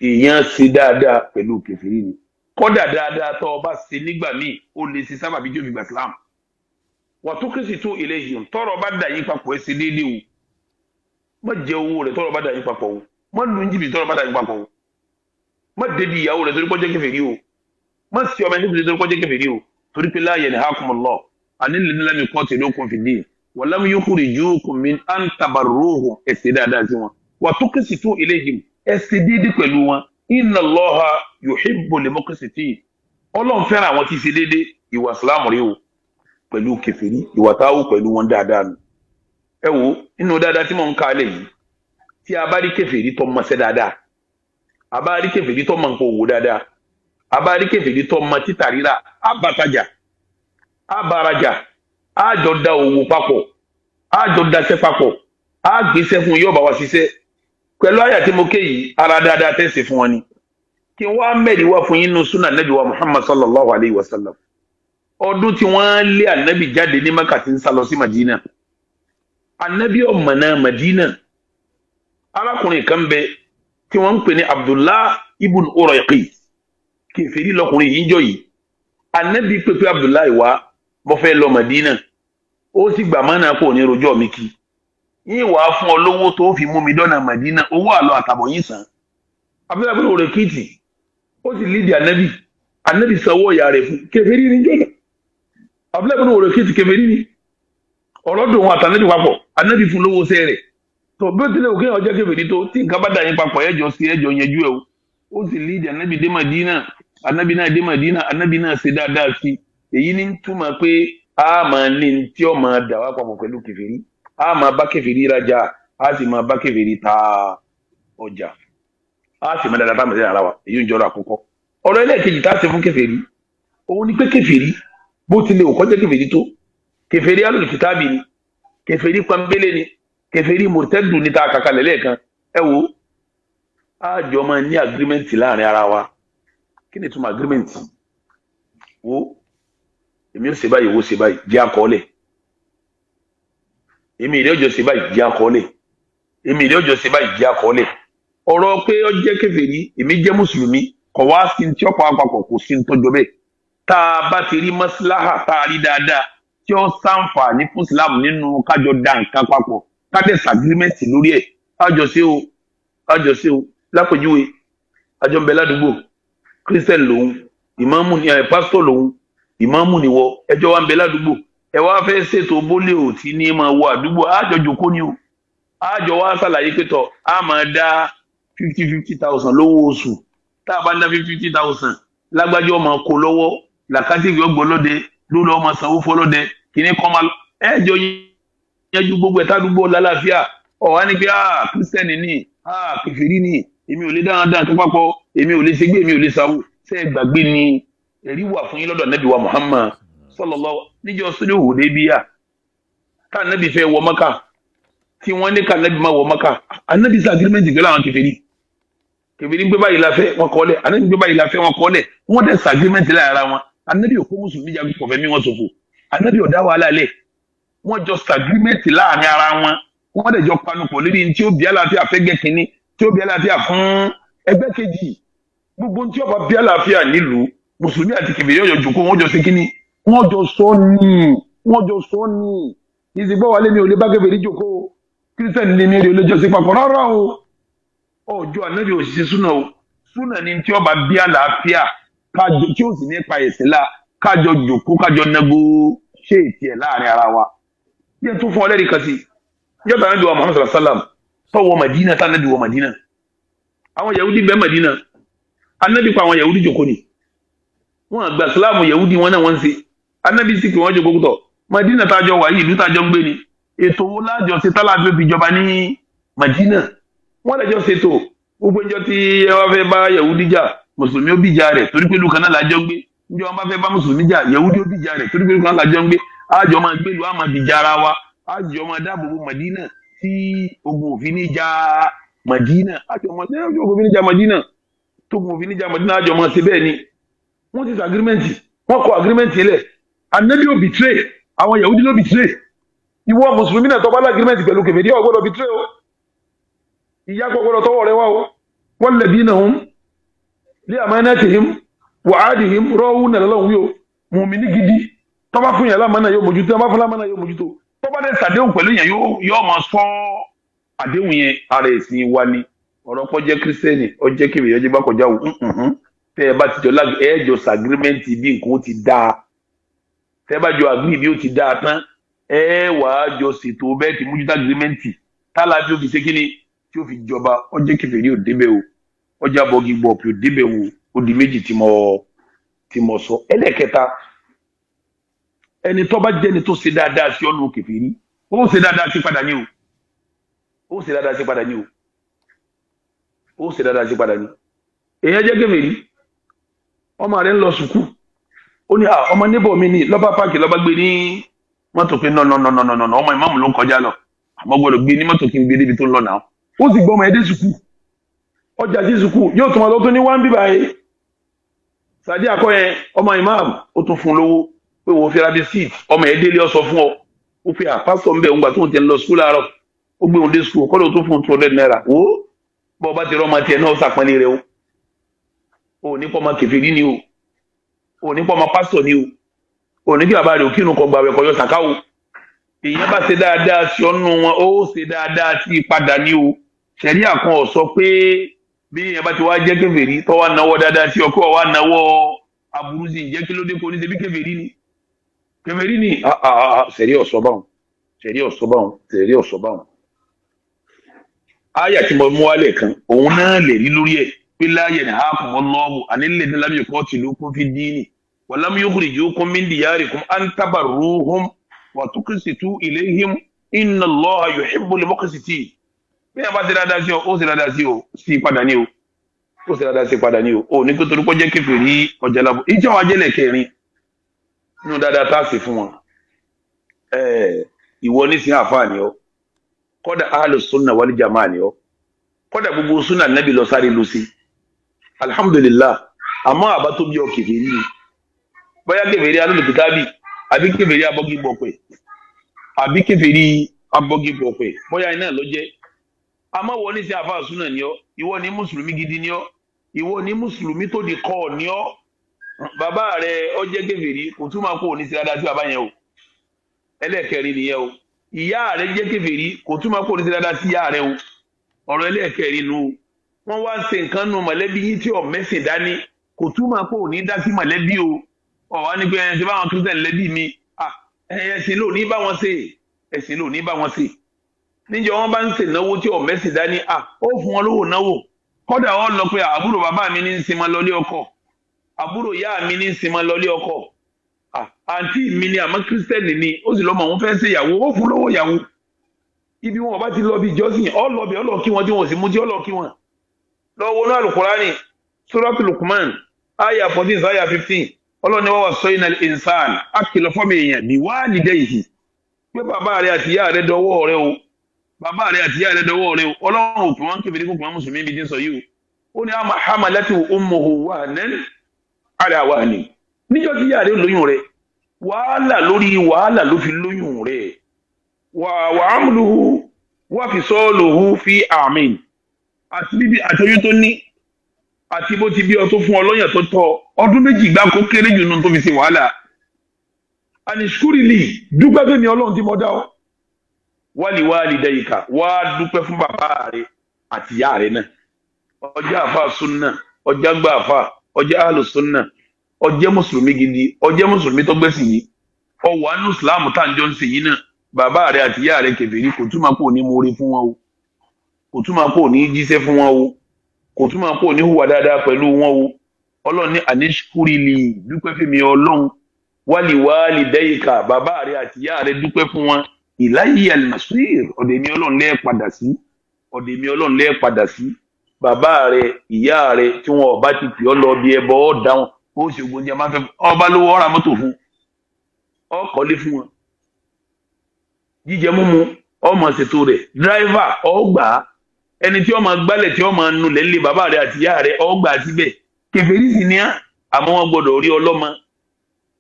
èèyàn ṣe dáadáa pẹ̀lú kèfèrí ni kọ́dà dáadáa tó o bá ṣe nígbà míì ó lè ṣe sábàbí jóbi gbà sílámù wàtúkìsì tó ilé yìí tọrọ bá dà yín papọ̀ ẹ ṣe déédéé o má jẹ owó rẹ tọrọ bá dà yín papọ̀ o má lu jìbìtì tọrọ bá dà yín papọ̀ o má débi ìyàwó rẹ̀ torí pọ́jẹ́ kèfèrí o má sí ọmọ ẹni torí pọ́jẹ́ kèfèrí o torí pé la yanhakumullahu anil ladhina lam yuqatilukum fid-din wa lam yukhrijukum min an tabarruhum ẹ̀sẹ̀ dáadáa sí wọn wa tuqsitu ilayhim ẹ̀sẹ̀ déédéé pẹ̀lú wọn inna Allaha yuhibbul muqsitin ọlọ́run fẹ́ràn àwọn tí ṣe déédéé ìwà sílámù rí o pẹ̀lú kèfèrí ìwà táwù pẹ̀lú wọn dáadáa nù ẹ wo inú dáadáa tí mò ń ka alẹ́ yìí tí a bá rí abárí kẹfìrí tó mọ nǹkan òwò dáadáa abárí kẹfìrí tó mọ títà rírà abatajà abarajà àjọ da òwò papọ̀ àjọ daṣẹ́ papọ̀ àgbéṣẹ́ fún yóò bá wa ṣiṣẹ́ pẹ̀lú àyà tí mo ké yìí ara dáadáa tẹ̀sí fún wọn ni kí n wá wá fún yín nínú súnà nẹ́bí wa muhammad sallallahu alayhi wa sallam ọdún tí wọ́n lé ànábì jáde ní maka tí sí madina ànábì ọmọ náà madina arákùnrin kan bẹ tí wọ́n ń pè ní abdullah ibn urayqi kèfèrí lọkùnrin yìí jọ yìí anabi pépé abdullah wa mo fẹ́ lọ madina ó sì gbà mọ́nà kò ní rojọ́ mi kí yín wàá fún ọ lówó tó fi mú mi dọ́nà madina owó àlọ́ àtàbọ̀ yín sàn abdullah ibn urayqi tì ó sì lídìí anabi anabi sanwó ìyá rẹ̀ fún kèfèrí ní jọ́nà abdullah ibn urayqi tì kèfèrí ní ọ̀rọ̀ dùn wọn anabi fún lówó sẹ́rẹ̀ tó bí ó tilẹ̀ òkè yẹn ọjọ́ kẹfìrí tó tí nǹkan bá dà yín papọ̀ ẹ̀jọ̀ sí ẹ̀jọ̀ yẹjú ẹ̀ o ó sì lead anabi dé Madina anabi náà dé Madina anabi náà ṣe dáadáa sí èyí ní túmọ̀ pé a máa ní tí ó máa dà wá papọ̀ pẹ̀lú kẹfìrí a máa bá kẹfìrí rajà a sì máa bá kẹfìrí ta ọjà a sì máa dáadáa tá a máa ṣe ara wa èyí ń jọrọ àkọ́kọ́ ọ̀rọ̀ ẹlẹ́ẹ̀kejì tá a ṣe fún kẹfìrí òun ni pé kẹfìrí bó tilẹ̀ òkọ́jẹ́ kẹfìrí tó kẹfìrí alùpùpù tábìlì kẹfìrí pàmbélé ni kẹfẹ́rí mọ̀tẹ́dù níta kàkàlẹ̀ lẹ́ẹ̀kan ẹ wo àjọ máa ní agreement láàrin ara wa kí ni túmọ̀ agreement wo èmi ò ṣe báyìí wo ṣe báyìí jẹ́ àkọọ́lẹ̀ èmi ìdí ọjọ́ ṣe báyìí jẹ́ àkọọ́lẹ̀ èmi ìdí ọjọ́ ṣe báyìí jẹ́ àkọọ́lẹ̀ ọ̀rọ̀ pé ó jẹ́ kẹfẹ́rí èmi jẹ́ mùsùlùmí kọ̀ wá sí ti ọ̀pọ̀ àpapọ̀ kò sí tọ́jọ́ bẹ́ẹ̀ tá a bá ti rí mọ́síláhà tá a rí dáadáa tí ó ṣàǹfààní fún Islam nínú kájọ dá nǹkan papọ̀ kádẹ́sì agreement lórí ẹ̀ àjọ ṣe o àjọ ṣe o lápèjúwe àjọ ń bẹ ládùúgbò christian lòun ìmáàmù ni ẹ eh, pásítọ̀ lòun ìmáàmù ni wọ ẹjọ́ wa ń bẹ ládùúgbò ẹ wá fẹ́ ṣètò bólé ò tí ní máa wọ àdúgbò àjọ jòkó ni o àjọ wa ṣàlàyé pé a máa dá fifty fifty thousand lówó oṣù tá a bá ń dá fifty fifty thousand lágbájọ́ ọmọ kò lọ́wọ́ làkàtì ìgbẹ́ ọgbọ́n lóde lóde ọmọ sanwó fọlọ́dẹ kìnnìkan máa ẹjọ́ yín yanjú gbogbo ẹ̀ta àdúgbò lálàáfíà ọ̀wá ni pé ah kírísítẹ́nì ni ah kẹfìrí ni èmi ò lè dáadáa tó papọ̀ èmi ò lè ṣègbè èmi ò lè sáwù ṣe é gbàgbé ni ẹ̀rí wà fún yín lọ́dọ̀ nẹ́bí wa Muhammad sallallahu níjọ sódì òhùdé bíyà ká nẹ́bí fẹ́ wọ Mọ́kà tí wọ́n ní ká nẹ́bí má wọ Mọ́kà anẹ́bí sá agirimẹ́ntì pẹ̀lú àwọn kẹfìrí kẹfìrí gbé báyìí la fẹ́ wọn kọ́ lẹ̀ anẹ́bí gbé báyìí la fẹ́ wọn kọ́ lẹ̀ wọ́n dẹ̀ sá agirimẹ́ntì láyàrá wọn anẹ́bí òkú mùsùlùmí jagun kọ̀fẹ́ mi wọ́n sọ̀fọ̀ anẹ́bí ọ̀dá wàhálà lẹ̀ wọ́n jọ sàgírímẹ̀tì láàrin ara wọn wọ́n dẹ̀ jọ panupọ̀ lórí ní tí ó bí àlàáfíà fẹ́gbẹ́ kínní tí ó bí àlàáfíà fún ẹgbẹ́ kejì gbogbo tí ọba bí àlàáfíà nílùú mùsùlùmí àti kìbìrì ọjọ́ jòkó wọ́n jọ ṣe kínní wọ́n jọ sọ ní wọ́n jọ sọ ní ìsìnkú wàlẹ́ mi ò lè bá kẹfẹ́rí jòkó kírísítẹ́nì ni mi ò lè jọ sí papọ̀ rárá o ọjọ́ ànábì òṣìṣẹ́ súnà o súnà ni tí ọba bí àlàáfíà kájọ tí ó sì ní pa ẹ̀sìn la kájọ jòkó kájọ nago ṣé ètì ẹ̀ láàrin ara wa yẹn tún fún ọ lẹ́rìí kan sí yọta anabi wa muhammadu sallam tọwọ madina tá anabi wọ madina àwọn yahudi bẹ madina anabi pa àwọn yahudi jòkó ni wọn àgbà sílámù yahudi wọn náà wọn ṣe anabi sì pé wọn jòkó kútọ madina tájọ wà yìí ìlú tájọ ń gbé ni ètò wo lájọ ṣe tálàbí òbí ìjọba ní madina wọn lẹjọ ṣètò gbogbo ìjọ tí ẹ wá fẹ́ bá yahudi jà mùsùlùmí ó bìjà rẹ̀ torí pé lukana làjọ ń gbé ìjọ àjọ máa gbèlú àmàdìjà ara wa àjọ máa dáàbò bo Màdínà tí ogun òfin ní ja Màdínà àjọ máa ṣe ogun òfin ní ja Màdínà tógun òfin ní ja Màdínà àjọ máa ṣe bẹ́ẹ̀ ni wọ́n ti sọ agirimẹ́ǹtì wọ́n kọ agirimẹ́ǹtì lẹ̀ anabi ò bìtírè àwọn Yahudi ló bìtírè ìwọ mùsùlùmí náà tọ́ba lágirimẹ́ǹtì pẹ̀lú kèfèrí ò gbọ́dọ̀ bìtírè o ìyá gbọ́dọ̀ tọwọ́ rẹ wá o walladhina hum li amanatihim wa ahdihim rọ́ọ̀hún nàlọ́lọ́hún yóò mùmíní gidi tọ́ba fún yàn lámànà yóò mójútó tọ́ba fún lámànà yóò mójútó tọ́ba dẹ̀ sàdéhùn pẹ̀lú yàn yóò máa sọ àdéhùn yẹn ara ẹ̀sìn wa ni ọ̀rọ̀ pọ̀ jẹ́ kírísítẹ́nì ọjẹ́ kébè ọjẹ́ bá kọjá wò tẹ́ ẹ bá ti jọ lágbè ẹ jọ sàgírímẹ́ǹtì bí nǹkan ó ti dáa tẹ́ ẹ bá jọ àgbì bí ó ti dáa tán ẹ wàá jọ ṣètò bẹ́ẹ̀ ti mójútó àgírímẹ́ǹtì tálà bí ó fi ṣe kíni tí ó fi jọba ọjẹ́ kébè ní òdebẹ̀ o ọjà bọ́gì o ó ẹni tó bá jẹ́ni tó ṣe dáadáa sí ọ̀nà òkè fèrí ó ṣe dáadáa sí padà ní o ó ṣe dáadáa sí padà ní o ó ṣe dáadáa sí padà ní. èèyàn jẹ́ kèfèrí ọmọ rẹ̀ ń lọ sùkúù ó ní ọmọ níbọ̀ mi ní lọ́ba páàkì lọ́ba gbé ní mọ́tò pé nọ̀nọ̀nọ̀nọ̀nọ̀ ọmọ ìmáàmù ló ń kọjá lọ àmọ́ gbọ́dọ̀ gbé ní mọ́tò kí n gbé débi tó ń lọ náà ó sì gbọ́ ọmọ ẹ̀ dé sùkúù ọjà sí sùkúù yóò tún ọlọ́tún ní wá ń bíbáyé sàdí àkọ́yẹ ọmọ ìmáàmù ó tún fún lówó pé wọ́n fi rabi seed ọmọ ẹ̀ délé ọ̀sọ̀ fún ọ ó fi àpásọ̀ ń bẹ̀ ń gbà tó ń tẹ̀ lọ skul àárọ̀ ó gbé òun dé skul kọ́ ló tó fún two hundred naira wò ó bọ́ ọba ti rọ́ ọmọ tiẹ̀ náà sàpẹ́lẹ̀ rẹ o ò ní kọ́ ọmọ kẹfìrí ni o ò ní kọ́ ọmọ pásítọ̀ ni o ò ní kí bàbá rẹ òkírun kọ gbàwẹ̀ kọyọ sàká o èèyàn bá ṣe dáadáa sí ọ́nù wọn ó ṣe dáadáa sí padà ni o ṣẹ̀rí àkan ọ̀ sọ pé bí èèyàn bá ti wá jẹ́ kẹfìrí tọ́wọ́ náwó dáadáa sí ọkọ̀ wá náwó aburú sí ìjẹ́ kí ló dé kó ní ṣe bí kẹfìrí ni kèfèrí ni sẹ̀rí ọ̀sọ́ báwọn sẹ̀rí ọ̀sọ́ báwọn sẹ̀rí ọ̀sọ́ báwọn. àyà mo mú wálé kan òun náà lè rí lórí ẹ̀ pé láàyè ní àákùn ọlọ́ọ̀mù ànílẹ̀ ní lámì kọ́ tìlú kún fi díìnì wàlámù yóò kúrì yóò kún mí dìyàrì kún à ń tábà rúhùn wà tó kí sì tú ilé him iná lọ́ ayò ìbò lè mọ́kì sì tì í. bí a bá ti dáadáa sí ọ ó sì dáadáa sí ọ sí padà ní o ó sì dáadáa sí padà ní o ò ní kó torí kó jẹ́ kèfèrí ọjà lábọ̀ ìjọ àjẹlẹ̀ kẹrin nínú dáadáa tá a ṣe fún wọn ìwọ nísìnyí àfààní ọ kódà ahlus sunna wal jamaa ni ọ kódà gbogbo sunna nabi lọ sáré lọ sí alhamdulillah àmọ́ àbá tó bí ọ kèfèrí ni bóyá kèfèrí alólùkítàbí àbí kèfèrí abọgibọpẹ àbí kèfèrí abọgibọpẹ bóyá iná ló jẹ àmọ́ wọ ní sí ni ọ ìwọ ní mùsùlùmí gidi ni ọ ìwọ ní mùsùlùmí tó di kọ ni ọ bàbá rẹ ọ jẹ́ kèfèrí kò túmọ̀ kó o ní sílá dájú bàbá yẹn o ẹlẹ́ẹ̀kẹrin nìyẹn o ìyá rẹ jẹ́ kèfèrí kò túmọ̀ kó o ní sílá dájú ìyá rẹ o ọ̀rọ̀ ẹlẹ́ẹ̀kẹrin nu wọ́n wá ṣe nǹkan nu mọ̀lẹ́bí yín tí ò mẹ́sìn dání kò túmọ̀ kó o ní dá sí mọ̀lẹ́bí o ọ̀wá ní pé ẹ̀sìn báwọn kírísítẹ̀n lẹ́bí mi ẹ̀sìn ló ní bá wọn ṣe ẹ̀sìn ló ní bá wọn ṣe níjọ wọn bá ń ṣe náwó tí ò mẹ́sìn dání ó fún wọn lówó náwó kódà wọn lọ pé àbúrò àbúrò ìyá mi ní sinmi lọlé ọkọ àǹtí mi ni àmọ́ kírísítẹ́nì ni ó sì lọ́mọ òun fẹ́ ṣe ìyàwó ó fún lówó ìyàwó ibi wọn bá ti lọ bí ìjọsìn ọlọbẹ ọlọkí wọn tí wọn sì mú tí ọlọkí wọn lọ́wọ́ náà alukurani suratu lukman aya fourteen aya fifteen ọlọ́ni wọ́n wà sọ iná ìnsán akìlọ̀ fọ́ọ̀mù èèyàn ní wàá nìdẹ́ yìí pé bàbá rẹ àti ìyá rẹ dọwọ́ rẹ o bàbá rẹ àti ìyá rẹ dọwọ́ rẹ o ọlọ́run òkú kébìrì kúkú mùsùlùmí ibi tí sọ yìí o ó ní àmà hàmàlẹ́tì ummuhu wahnan ara wa ni níjọ́ tí yàrá lóyún rẹ̀ wàhálà lórí wàhálà ló fi lóyún rẹ̀ wàhámùlùhù wà fi sọ́ọ̀lùhù fi àmín àti bíbí àtọ́yún tó ní àti bó ti bí ọ tó fún ọ lọ́yàn tó tọ́ ọdún méjì gbáko kéré jù nù tó fi ṣe wàhálà anìṣkúrìlì dúpẹ́ pé mi ọlọ́run ti mọ dá ọ wálì wálì dẹ́yìká wá dúpẹ́ fún bàbá rẹ àti ìyá rẹ náà ọjà àfa sunna ọjà gbà àfa ọjẹ́ alùsùnà ọjẹ́ mùsùlùmí gidi ọjẹ́ mùsùlùmí tó gbẹ́sì yìí ọwọ́ anú ìsìláàmù tá à ń jọ ń ṣe yìí náà bàbá rẹ àti ìyá rẹ kèfèrí kò túmọ̀ pò ní mórí fún wọn o kò túmọ̀ pò ní jíṣẹ́ fún wọn o kò túmọ̀ pò ní hùwà dáadáa pẹ̀lú wọn o ọlọ́run ní àníṣkúrìlì dúpẹ́ fèmí ọlọ́run wálì wálì dẹ́yìká bàbá rẹ àti ìyá rẹ dúpẹ́ fún wọn ìláyé àlùmọ̀síìr ọ̀dẹ̀mí ọlọ́run lẹ́ẹ̀ padà sí ọ̀dẹ̀mí ọlọ́run lẹ́ẹ̀ padà sí bàbá rẹ ìyá rẹ tí wọn ọba ti pè ọ lọ bí ẹbọ ọ dáhùn ó sì ogun jẹ máa fẹ ọba lówó ọra mọ́tò fún ọ kọ́lé fún wọn jíjẹ múmu ọmọ ṣètò rẹ dírẹ́fà ọgbà ẹni tí ọmọ gbálẹ̀ tí ọmọ nulẹ̀ lé bàbá rẹ àti ìyá rẹ ọgbà síbẹ̀ kẹfẹ́rì sì ní à àmọ́ wọn gbọ́dọ̀ rí ọlọ́mọ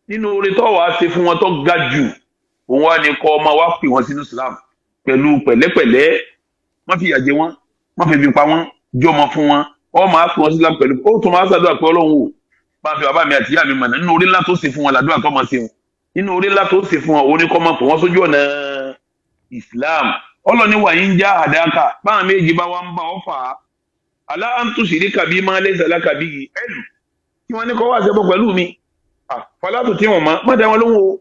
nínú oore tó wàá ṣe fún wọn tó ga jù òun wá ní kọ ọmọ wa pè wọn sínú Islam pẹ̀lú pẹ̀lẹ́pẹ̀lẹ́ wọ́n fìyà jẹ wọ́n wọ́n fẹ̀bi pa wọ́n jọmọ fún wọn ọmọ àfihàn wọn sílámù pẹ̀lú ó tún máa ṣàdúrà pé ọlọ́run wò bá fi bàbá mi àti ìyá mi mọ̀nà nínú orí ńlá tó ṣe fún wọn làdúrà kọ́ máa ṣe wọn nínú orí ńlá tó ṣe fún wọn òun ni kọ́ máa pọ̀ wọ́n sójú ọ̀nà Islam ọlọ́ni wà yín já àdáka báwọn méjì bá wá ń bá ọ fà á aláǹtú ṣìríkà bíi máa lé ìsàlákà bíi ẹlù tí wọ́n ní kọ́ wá ṣẹbọ pẹ̀lú mi fàlátù tí wọ́n má dá wọn lóhùn o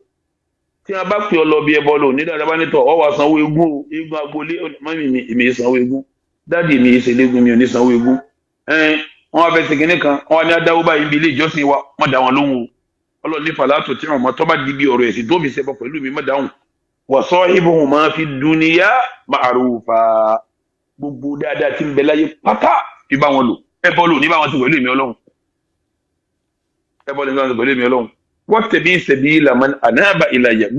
tí wọ́n bá pè ọ lọ bí ẹbọ lò ní dáadáa bá ní tọ̀ ọ wà sanwó egún o egún agbolé mọ́mí mi èmi sanwó egún dáàdi mi ṣe légún mi ò ní sanwó egún ẹn wọn wá fẹ́ ṣe kínní kan wọn wá ní adáwó báyìí bí ilé ìjọsìn wa wọn dá wọn lóhùn o ọlọ́run ní fàlàtò tí wọn mọ tọ́ bá di bí ọ̀rọ̀ ẹ̀sìn tó fi ṣẹbọ pẹ̀lú mi mọ́dáhùn wà sọ ibùhùn máa fi dúníyà ma'rufa gbogbo dáadáa tí ń bẹ láyé pátá fi bá wọn lò ẹbọ lò ní bá wọn ti pẹ̀lú mi ọlọ́run ẹbọ lò ní bá wọn ti pẹ̀lú mi ọlọ́run wattabi sabila man anaba ilayya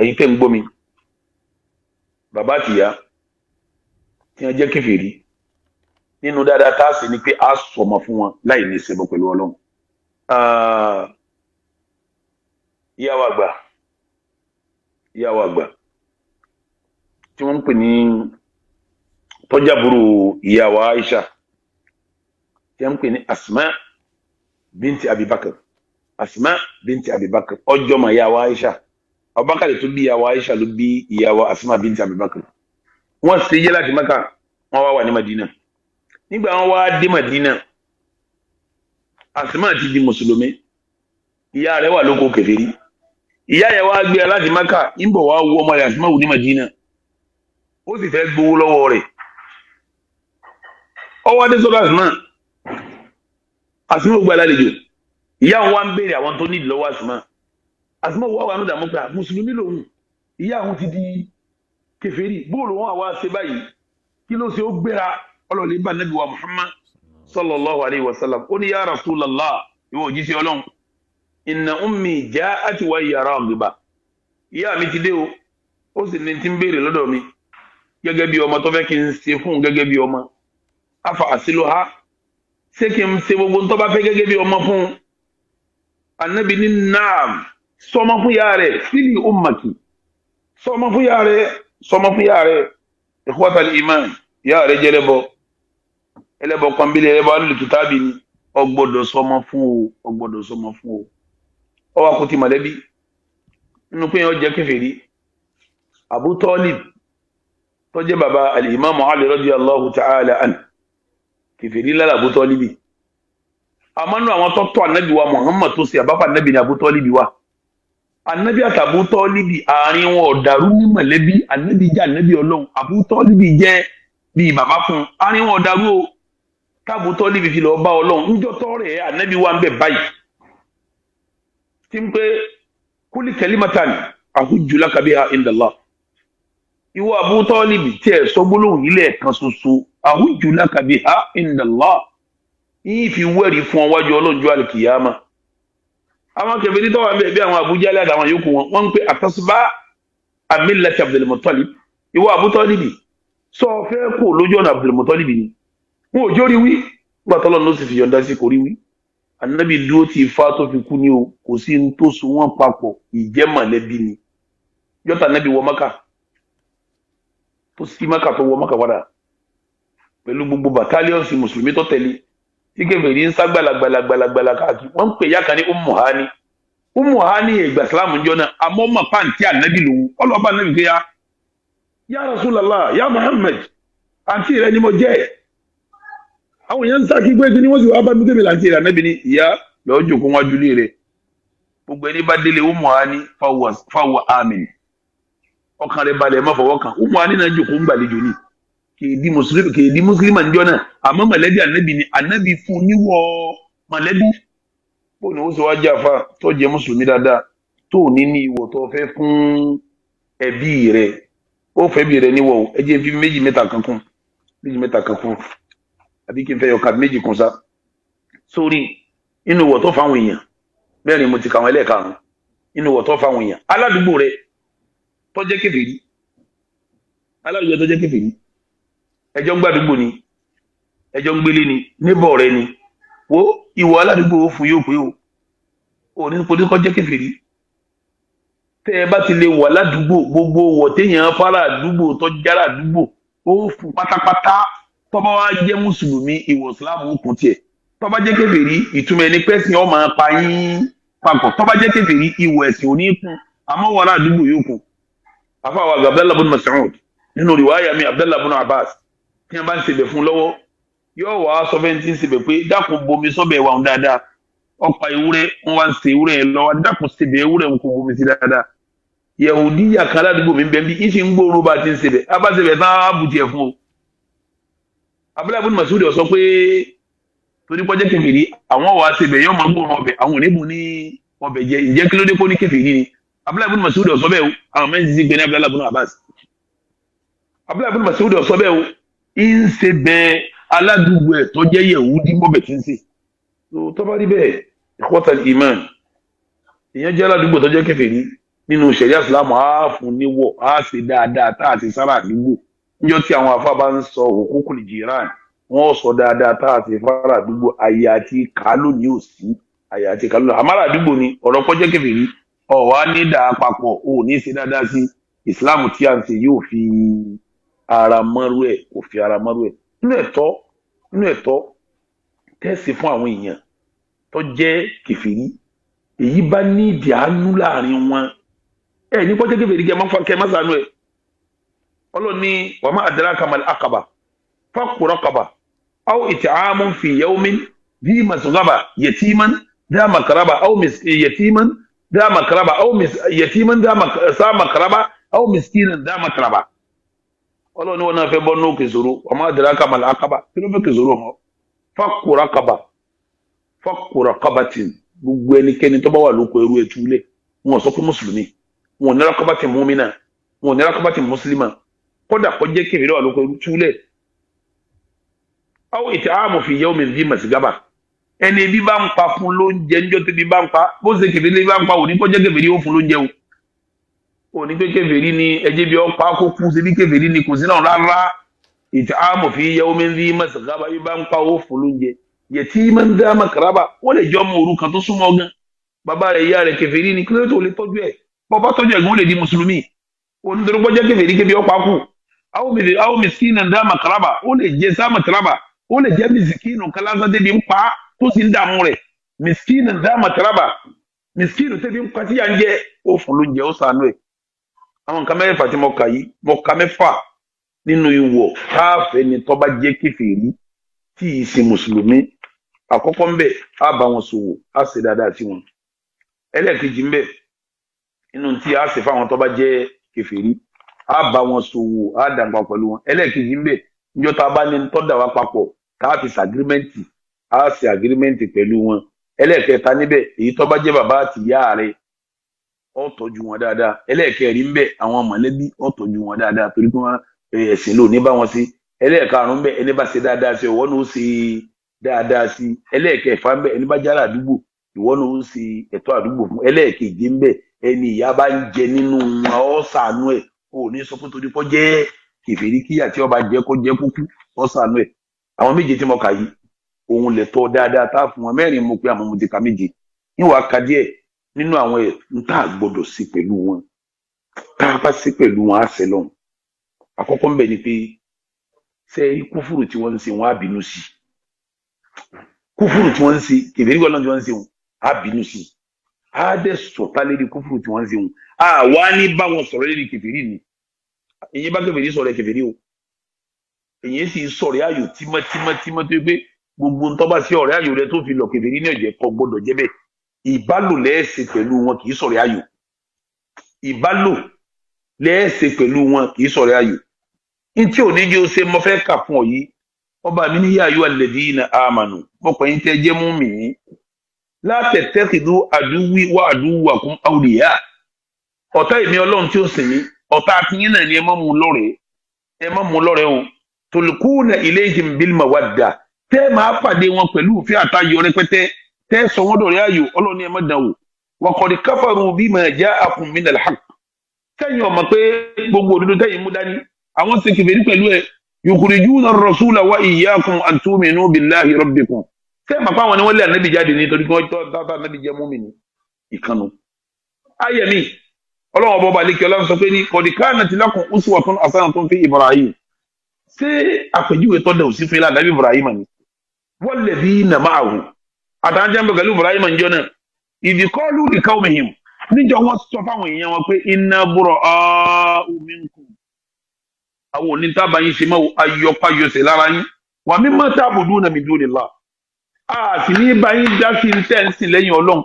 ẹ̀yin tẹ́ ń gbọ́ mi bàbá àtìyá tí wọ́n jẹ́ kèfèrí nínú dáadáa tá a sì ni pé a sọmọ fún wọn láì ní ìṣẹbọ pẹ̀lú Ọlọ́run ah, ìyàwó àgbà ìyàwó àgbà tí wọ́n ń pè ní tọ́jàbúrò ìyàwó Aisha tí wọ́n ń pè ní Asma binti Abibakar Asma binti Abibakar ọjọ́ mọ̀ ìyàwó Aisha. Abubakar tó bí ìyàwó Aisha ló bí ìyàwó Asma binti Abubakar wọ́n sì yẹ láti Maka wọ́n wá wà ní Madina nígbà wọ́n wá dé Madina Asma ti di mùsùlùmí ìyá rẹ̀ wà lóko kèfèrí ìyá yẹn wá gbé e láti Maka ń bọ̀ wá wọ ọmọ rẹ̀ Asma wù ní Madina ó sì fẹ́ gbowó lọ́wọ́ rẹ̀ ọwọ́ adé sọ́dọ̀ Asma Asma gbà lálejò ìyá wọn wá ń béèrè àwọn tó nídìí lọ́wọ́ Asma àtúmọ̀wò àwọn àánú dààmú pé ah, mùsùlùmí lòun ìyá àwọn ti di kèfèrí bóòlù wọn àwa ṣe báyìí kí ló ṣe ó gbéra ọlọ́ọ̀lẹ́ bá nàbí wa Muhammad sallallahu alayhi wa sallam ó ní ya Rasulullah ìwọ òjíṣẹ́ ọlọ́run inna ummi ja'at wa hiya raghiba ìyá mi ti dé o ó sì ní ti ń béèrè lọ́dọ̀ mi gẹ́gẹ́ bí ọmọ tó fẹ́ kí n ṣe fún gẹ́gẹ́ bí ọmọ afa asiluha ṣé kí n ṣe gbogbo tó bá fẹ́ gẹ́gẹ́ bí ọmọ fún anabi ní naam sọmọ fún ìyá rẹ̀ sílì ummaki sọmọ fún ìyá rẹ̀ sọmọ fún ìyá rẹ̀ ikhwatal iman ìyá rẹ̀ jẹ́ ẹlẹ́bọ ẹlẹ́bọ pọ́nbílẹ̀ ẹlẹ́bọ alùkìtàbí ni ó gbọ́dọ̀ sọmọ fún o ó sọmọ fún o ọwọ́ akuti mọ̀lẹ́bí nínú pé ó jẹ́ Abu Talib tó jẹ́ baba al-Imamu Ali radiyallahu ta'ala an kèfèrí lára Abu Talib àmọ́ nínú àwọn tó tọ́ ànábì wa Muhammad tó ni Abu Talib wa anabi àtàbù tọ́líbi àárín wọn ọ̀dàrú ní mọ̀lẹ́bí anabi jẹ́ anabi ọlọ́run àbú tọ́líbi jẹ́ bíi bàbá fún un àárín wọn ọ̀dàrú o táàbù tọ́líbi fi lọ́ọ́ bá ọlọ́run níjọ́ tọ́rẹ̀ anabi wà ń bẹ̀ báyìí tí ń pé kúlì kalimatan ahujju laka biha indallah ìwọ àbú kan ṣoṣo ahujju laka biha yìí fi wẹ́rìí fún ọ wájú ọlọ́jọ́ àlùkìyàmá àwọn kẹfìrí tó wà ń bẹ bí àwọn Abu Jahl àtàwọn yòókù wọn wọn ń pè àtọ́síbá amílẹ̀tì Abdul Muttalib ìwọ Abu Talib sọ fẹ́ kó lójú ọ̀nà Abdul Muttalib ni wọn ò jó rí wí nígbà tọ́lọ́ ló sì fi yọ̀ǹda sí kò rí wí ànábì dúró ti ifá tó fi kú ni o kò sí ní tó so wọn papọ̀ ìjẹ́ mọ̀lẹ́bí ni yọta ànábì wọ Mákà tó sí Mákà tó wọ Mákà padà pẹ̀lú gbogbo bàtálíọ̀sì mùsùlùmí tó tẹ̀lé tí kèfèrí ń sá gbalagbalagbalagbala káàkiri wọ́n ń pè ya kan ní umuhani hani umu hani ìgbà sílámù jọ náà àmọ́ mà pàǹtí ànábì lòun ọlọ́ọ̀bá ànábì fi ya ya ya muhammed àǹtí rẹ ni mo jẹ́ àwọn èèyàn ń sá kí gbégi ni wọ́n sì wá bá mi kébìlà àǹtí rẹ ànábì ni ìyá lọ́ọ́ jòkó wájú lé rẹ̀ gbogbo ẹni bá délé umu hani fáwọ àmín ọkàn rẹ̀ balẹ̀ má fọwọ́ náà jòkó ń gbàlejò ni kìí di mùsùlùmí kìí di mùsùlùmí àníjọ náà àmọ́ mọ̀lẹ́bí ànábì ni ànábì fún níwọ̀ mọ̀lẹ́bí bó ni ó sọ wá jáfa tó jẹ́ mùsùlùmí dáadáa tó ní ní ìwọ̀ tó fẹ́ fún ẹbí rẹ̀ ó fẹ́ bí rẹ̀ níwọ̀ o ẹ jẹ́ fi méjì mẹ́ta kan kún méjì mẹ́ta kan kún àbí kí n fẹ́ yọ ká méjì kún sa sórí inú ìwọ̀ tó fáwọn èèyàn bẹ́ẹ̀ ni mo ti kàwọn ẹlẹ́ẹ̀karùn inú ìwọ̀ tó fáwọn èèyàn aládùúgbò rẹ̀ tó jẹ́ aládùúgbò tó jẹ́ ẹjọ́ ń gbàdúgbò ni ẹjọ́ ń gbélé ni níbọ̀ rẹ ni wo ìwọ aládùúgbò ó fún yóò pé o ò ní kó dínkọ́ jẹ́ kèfèrí tẹ́ ẹ bá ti lè wà ládùúgbò gbogbo wọ̀ téèyàn fara àdúgbò tó jára àdúgbò ó fún pátápátá tó bá wá jẹ́ mùsùlùmí ìwọ̀ ìsìláàmù kùn tiẹ̀ tó bá jẹ́ kèfèrí ìtumọ̀ ẹni pẹ́sìn ó máa yín papọ̀ tó bá jẹ́ kèfèrí ìwọ̀ ẹ̀sìn ò ní wàrà àdúgbò yóò kún àfàwọ̀ àgbà abdallah bin Mas'ud nínú rìwáyà mi abdallah bin Abbas tí wọn bá ń sebẹ̀ fún lọ́wọ́ yóò wá sọfẹ́ tí ń sebẹ̀ pé dákun bomi sọ́bẹ̀ wà ń dáadáa ọ̀pá ewúrẹ́ wọn wá ń se ewúrẹ́ yẹn lọ́wọ́ dákun sebẹ̀ ewúrẹ́ wọn kò bomi sí dáadáa yẹ̀wùdí yàkàlà àdúgbò mi bẹ́ẹ̀ bí ìsì ń gbóòórùn bá ti ń sebẹ̀ abá sebẹ̀ tán á bù tiẹ̀ fún o abúlé abúlé masudi ọ̀sọ́ pé torí pọ́jẹ́ kẹfìrí àwọn wàá sebẹ̀ yọ máa gbóòórùn ọbẹ̀ àwọn oníbù ní ọbẹ̀ jẹ ìjẹ́ kí ló masudi ọ̀sọ́ bẹ́ẹ̀ o àwọn mẹ́rin ti gbẹ ní masudi ọ̀sọ́ ń ṣe bẹ́ẹ̀ aládùúgbò ẹ̀ tó jẹ́ yẹ̀wúdí bọ́bẹ̀ tí ń ṣe tó bá rí bẹ́ẹ̀ ìkọ́ta iman ìyẹn jẹ́ aládùúgbò tó jẹ́ nínú níwọ̀ á dáadáa a ti sára àdúgbò níjọ́ tí àwọn afá bá ń sọ wọ́n sọ dáadáa tá a ti fara àdúgbò àyè àti kálò àti àdúgbò ni ọ̀rọ̀ pọ́jẹ́ ọ̀wá ní a ń yóò ara mọ́rú ẹ̀ kò fi ara mọ́rú ẹ̀ nínú ẹ̀tọ́ nínú ẹ̀tọ́ tẹ́sí fún àwọn èèyàn tó jẹ́ kẹfìrí èyí bá ní ìdí àánú láàrin wọn ẹ ní kọjá kẹfìrí kẹ má fa kẹ má sànú ẹ ọlọ́ni wàmà adraka mal akaba fakku raqaba aw it'amun fi yawmin dhi masghaba yatiman dha makraba aw mis yatiman dha makraba aw mis yatiman dha makraba aw miskinan dha makraba ọlọ́run ni wọn náà fẹ́ bọ́ nù kìsòrò ọmọ àdìrà kàmà làákàbà kí ló fẹ́ kìsòrò mọ́ fàkùrà kàbà fàkùrà kàbàtìn gbogbo ẹnikẹ́ni tó bá wà lóko ẹrú ẹtú lẹ̀ wọn sọ pé mùsùlùmí wọn nira kàbàtìn mùmínà wọn nira kàbàtìn mùsùlùmá kódà kọjá kẹfìrí wà lóko ẹrú túlẹ̀. aw ìtì àmọ̀ fi yẹ́ omi ìdí màsígábà ẹni ebi bá ń pa fún lóúnjẹ níjọ́ tẹ́bi bá ń pa bó ṣe kẹfìrí bá ń pa òní kọjá kẹfìrí ó fún lóúnjẹ o òní pé kèfèrí ni ẹjẹ́ bí ọ̀pá kó kú sí ni kò sí náà rárá ètò àmọ̀ fi yẹ omi ń rí mọ̀sàkábà bí bá ń pa owó fún lóúnjẹ yẹtí máa ń dá mọ̀kàrábà wọ́n lè jọ ọmọ òrukàn tó súnmọ́ gan bàbá rẹ̀ ìyá rẹ̀ kèfèrí ni kí ló tó lè tọ́jú ẹ̀ bọ́bá tọ́jú ẹ̀gbọ́n lè di mùsùlùmí onídọ́rọ́gbọ́ jẹ́ kèfèrí kébi ọ̀pá kú àwọn mìsíkìnì dá mọ̀kàrábà ó lè jẹ sá mọ̀kàrábà ó lè jẹ́ mìsíkìnì kálásá débi ń pa tó sì ń dààmú rẹ̀ mìsíkìnì dá mọ̀kàrábà mìsíkìnì tẹ́bi ń jẹ ó fún lóúnjẹ ó sànú ẹ̀ àwọn nǹkan mẹ́rẹ̀ẹ̀fà tí mo kà yìí mo kà mẹ́fà nínú ìwọ̀ káàfẹ́ ni tọ́ba jẹ́ kèfèrí tí ì ṣe mùsùlùmí àkọ́kọ́ ńbẹ̀ á bá wọn ṣòwò á ṣe dáadáa sí wọn ẹlẹ́ẹ̀kejì ńbẹ̀ nínú tí á ṣe fáwọn tọ́ba jẹ́ kèfèrí á bá wọn ṣòwò á dàgbà pẹ̀lú wọn ẹlẹ́ẹ̀kejì ńbẹ̀ níjọ́ tá a bá ní tọ́dà wa papọ̀ tá a fi ṣàgírímẹ́ǹtì á ṣe àgírímẹ́ǹtì pẹ̀lú wọn ẹlẹ́ẹ̀kẹta níbẹ̀ èyí tọ́ba jẹ́ bàbá àtìyá rẹ̀ ó tọ́jú wọn dáadáa ẹlẹ́ẹ̀kẹrin bẹ àwọn mọ̀lẹ́bí ó tọ́jú wọn dáadáa torí pé wọn ẹ̀sìn lò ní bá wọn sí ẹlẹ́ẹ̀karùn bẹ ẹni bá ṣe dáadáa sí ọwọ́ náà ṣe dáadáa sí ẹlẹ́ẹ̀kẹfà bẹ ẹni bá jára àdúgbò ìwọ náà ṣe ẹ̀tọ́ àdúgbò fún ẹlẹ́ẹ̀keje bẹ ẹni ìyá bá ń jẹ nínú ọ ṣàánú ẹ o ní sọ pé torí kọ́ jẹ́ kẹfìrí kíyà tí ọba jẹ kó jẹ kúkú ọ ẹ àwọn méje tí mo kà yìí òun lè dáadáa tá fún wọn mẹ́rin mo pé àmọ́ mo ti méje níwàá ka díẹ̀ nínú àwọn tá a gbọdọ̀ sí pẹ̀lú wọn tá a bá sí pẹ̀lú wọn á sẹ́ lọ́hùn àkọ́kọ́ ń bẹ̀ ni pé ṣe rí kúfùrù tí wọ́n ń se wọn á bínú sí kúfùrù tí wọ́n ń ṣe kèbèrè gbọ́dọ̀ tí wọ́n ń ṣe wọn á bínú sí á dẹ̀ sọ̀tá lérí kúfùrù tí wọ́n ń ṣe wọn á wá ní bá wọn sọ̀rọ̀ lérí kèbèrè ni èyí bá kèbèrè sọ̀rọ̀ kèbèrè o èyí sì sọ̀rọ̀ ayò tímọ́tímọ́tímọ́ tó yẹ pé gbogbo ntọ́ba sí ọ̀rẹ́ ayò rẹ tó fi lọ kèbèrè náà jẹ́ kọ́ gbọ́dọ̀ jẹ́ bẹ́ẹ̀ ìbálò lẹ́ẹ̀ṣe pẹ̀lú wọn kì í sọ̀rẹ́ ayò ìbálò lẹ́ẹ̀ṣe pẹ̀lú wọn kì í sọ̀rẹ́ ayò ní tí òní jẹ́ ose mo fẹ́ kà fún ọ yìí ọba mi ní yá ayọ́ alẹ́dí na àmànù ọkọ̀ yín tẹ́ jẹ́ mú mi látẹ̀tẹ́ kìdú àdúwí wá àdúwà kún àwùlíyà ọ̀tá èmi ọlọ́run tí ó sìn mí ọ̀tá akínyìn náà ni ẹ má mú lọ́rẹ̀ẹ́ ẹ má mú lọ́rẹ̀ẹ́ o tòlùkù na ilé ìhìn bílmà wà dà tẹ́ máa pàdé wọn pẹ̀lú òfin àtayọ rẹpẹtẹ tẹ́ ẹ sọ wọ́n dọ̀rẹ́ ayò ọlọ́run ní ẹ má dàn wò wàkọ̀dí káfàrú bima ja'akum minal haqq sẹ́yìn ọ̀mọ̀ pé gbogbo òdodo tẹ́yìn mú dání àwọn sì kìfèrí pẹ̀lú ẹ yukhrijuna ar-rasula wa iyyakum an tu'minu billahi rabbikum sẹ́yìn pàpà wọn ni wọ́n lé ànábì jáde ní torí wọ́n tọ́ bá ànábì jẹ́ mú mi ní ìkànnù. ayé mi ọlọ́wọ́n bọ́ balẹ̀ kí ọlọ́run sọ pé ní qad kanat lakum uswatun hasanatun fi Ibrahim ṣé àpèjúwe tọ́ da òsì fún ilé ànábì Ibrahim ni walladhina ma'ahu àtàjẹ́ ń bọ̀ pẹ̀lú Ibrahim ǹjọ́ náà ìdí kọ́ọ̀lù ìka omi hìm níjọ wọn sọ fáwọn èèyàn wọn pé iná búrọ̀ omi ń kù àwọn onítàbà yín ṣe máa ayọpayọsẹ̀ lára yín wà mí má tábùdú nàmi dúró lá a sì ní bá yín dá sí tẹ́ǹsì lẹ́yìn ọlọ́run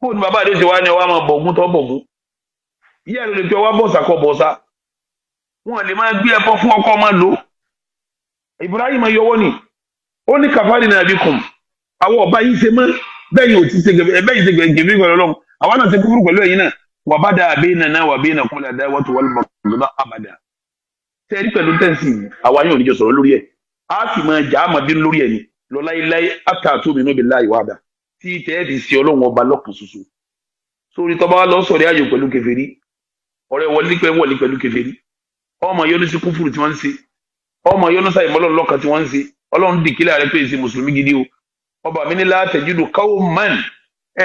kó ní bàbá àdéhùn wa ni wàá máa bọ̀gún tó bọ̀gún yíyá ló lè fi ọwọ́ bọ̀sà kọ bọ̀sà wọn lè máa gbé ẹbọ fún ọkọ ọmọ lò Ibrahim yọwọ́ ni ó ní kàfáàdì nàbí kùn àwọn ọba yìí ṣe mọ́ bẹ́ẹ̀ ni ò ti ṣe bẹ́ẹ̀ ṣe gẹ̀gẹ̀ bí pẹ̀lú ọlọ́run àwọn náà ṣe kúkúrú pẹ̀lú ẹ̀yin náà wà bá dà bẹ́ẹ̀ nà náà wà bẹ́ẹ̀ nà kúnlẹ̀ dá wọ́n tó wọ́n lọ lọ́dọ̀ àbàdà tẹ́rí pẹ̀lú tẹ́sí àwa yóò níjọ sọ̀rọ̀ lórí ẹ̀ á sì máa jà á máa lórí ẹ̀ ni lọ láéláé áfíà tó mi níbi láì wá dà tí tẹ́ẹ̀dì sí ọlọ́run ọba lọ́kùn ṣoṣo sórí tọ́ba wa lọ sọ̀rọ̀ ayò pẹ̀lú kèfèrí ọ̀rẹ́ wọlé pẹ́ wọlé pẹ̀lú kèfèrí ọmọ yọnu sí kúfùrù tí wọ́n ń ṣe ọmọ yọnu sáyẹ̀mọ́ ọba mi ní látẹjúdù káwọ man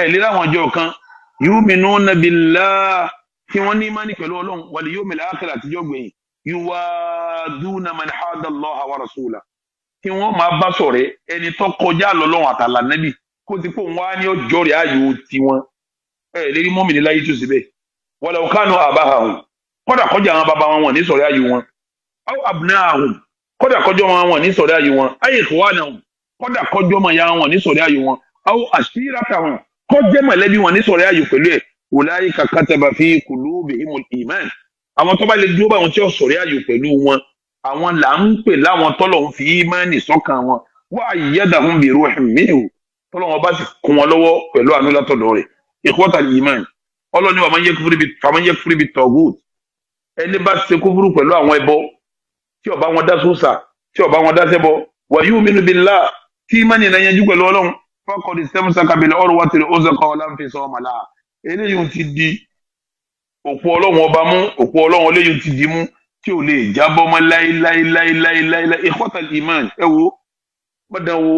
ẹ lè láwọn ọjọ́ kan yu'minuna billah tí wọn ní mánì pẹ̀lú Ọlọ́run wal yawmil akhir àtijọ́ gbẹ̀yìn yuwaduna man hadda Allaha wa rasulahu tí wọn máa bá ṣọ̀rẹ́ ẹni tó kọjá lọ́lọ́run àtàlà nẹbì kó ti pò wọn á ní ọjọ́ rẹ̀ ayò tiwọn ẹ lè rí mọmìnì láyé tó síbẹ̀ walau kanu abahahum kódà kọjá àwọn bàbá wọn ní ṣọ̀rẹ́ ayò wọn aw abna'ahum kódà kọjá wọn ní ṣọ̀rẹ́ ayò wọn ay ikhwanahum kọ́dà kọjọ́ mọ̀ ya wọn ní sọ̀rẹ́ ayò wọn àwọn àṣírà tàwọn kọjẹ́ mọ̀lẹ́bí wọn ní sọ̀rẹ́ ayò pẹ̀lú ẹ̀ wòláyé kàkà tẹ̀bà fi kùlù bìhímù ìmán àwọn tó bá lè dúró bá àwọn tí ó sọ̀rẹ́ ayò pẹ̀lú wọn àwọn là ń pè láwọn tọ́lọ̀ ń fi ìmánì sọ́kàn wọn wọ́n àyẹ̀dà ń bèrè ruhin minhu tọ́lọ̀ wọn bá sì kún wọn lọ́wọ́ pẹ̀lú àánú látọ̀dọ̀ rẹ̀ ìkọ́tà ìmán ọlọ́ni wàá máa ń yẹ kúfúrú bíi tọ́gùt tí ìmánì rẹ̀ yanjú pẹ̀lú ọlọ́run fọkọ̀ di sẹ́mu sàkàbìlẹ̀ ọ̀rọ̀ wá tẹ̀lé ọ̀zọ̀kọ̀ ọ̀làǹfẹ̀sọ̀ ọ̀màlà eléyìí ti di òpó ọlọ́run ọba mú òpó ọlọ́run eléyìí ti di mú tí ò lè jábọ́ mọ́ láíláíláíláíláílá ìkọ́tà ìmán ẹ wo mọ́dánwó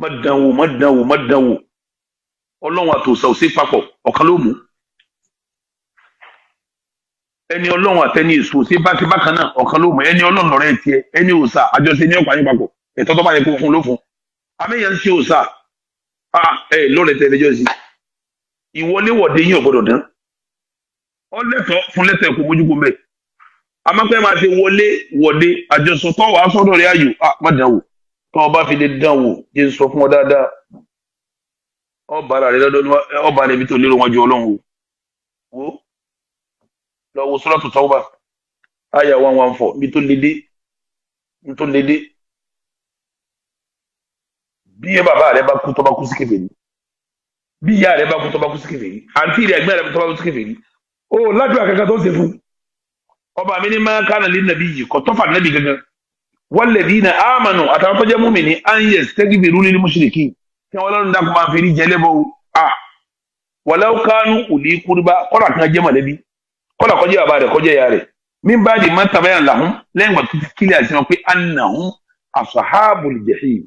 mọ́dánwó mọ́dánwó mọ́dánwó ọlọ́run àtòsà ò sí papọ̀ ọ̀kan ló mú ẹni ọlọ́run àtẹni èso sí bákibákan náà ọ̀kan ló mú ẹni ọlọ́run lọ́rẹ́ tiẹ̀ ẹni òòsà àjọṣe ní ọ̀pá yín papọ̀ ẹ̀tọ́ tó bá yẹ kó fún ló fún àmẹyẹ ń ṣe òòsà ẹ lọrẹ tẹ ẹlẹjọ sí ìwọléwọ̀de yín ò gbọ́dọ̀ dán ọ lẹ́tọ̀ọ́ fún lẹtọ ẹkọ mójúkó mẹ amápẹ máa ṣe wọlé wọ̀de àjọsọ tó wàá sọ́dọ̀ rẹ̀ ayò à má dán wò tó o bá fi lè dán wò jẹ sọ fún ọ dáadáa ọba ara rẹ̀ lọ́dọ̀ ọba rẹ̀ ibi tó lérò wọn ju Ọlọ́run wò wò lọ wo Suratu Tawbah àyà one one four ibi tó lédè ibi tó lédè bí yẹ bàbá rẹ bá kú tó bá kú sí kèfèrí bí ìyá rẹ bá kú tó bá kú sí kèfèrí àǹtí rẹ ẹgbẹ́ rẹ tó bá kú sí kèfèrí ó ládùúgbò kankan tó ń ṣe fún ọba mi ní máa kánà lé nàbí yìí kò tọ́fà nàbí gangan walladina amanu àtàwọn tó jẹ́ mùmínì ànyẹ sẹ́gìbìrú lil mushrikin kí wọ́n lọ́nu dákú máa fi jẹ́lẹ́ bọ́ a walau kanu uli qurba kọ́là kan jẹ́ mọ̀lẹ́bí kọ́là kọjá bàbá rẹ̀ kọjá ìyá rẹ̀ min ba'di ma tabayyana lahum lẹ́yìn gbà tó ti kílẹ̀ àti wọn pé annahum ashabul jahim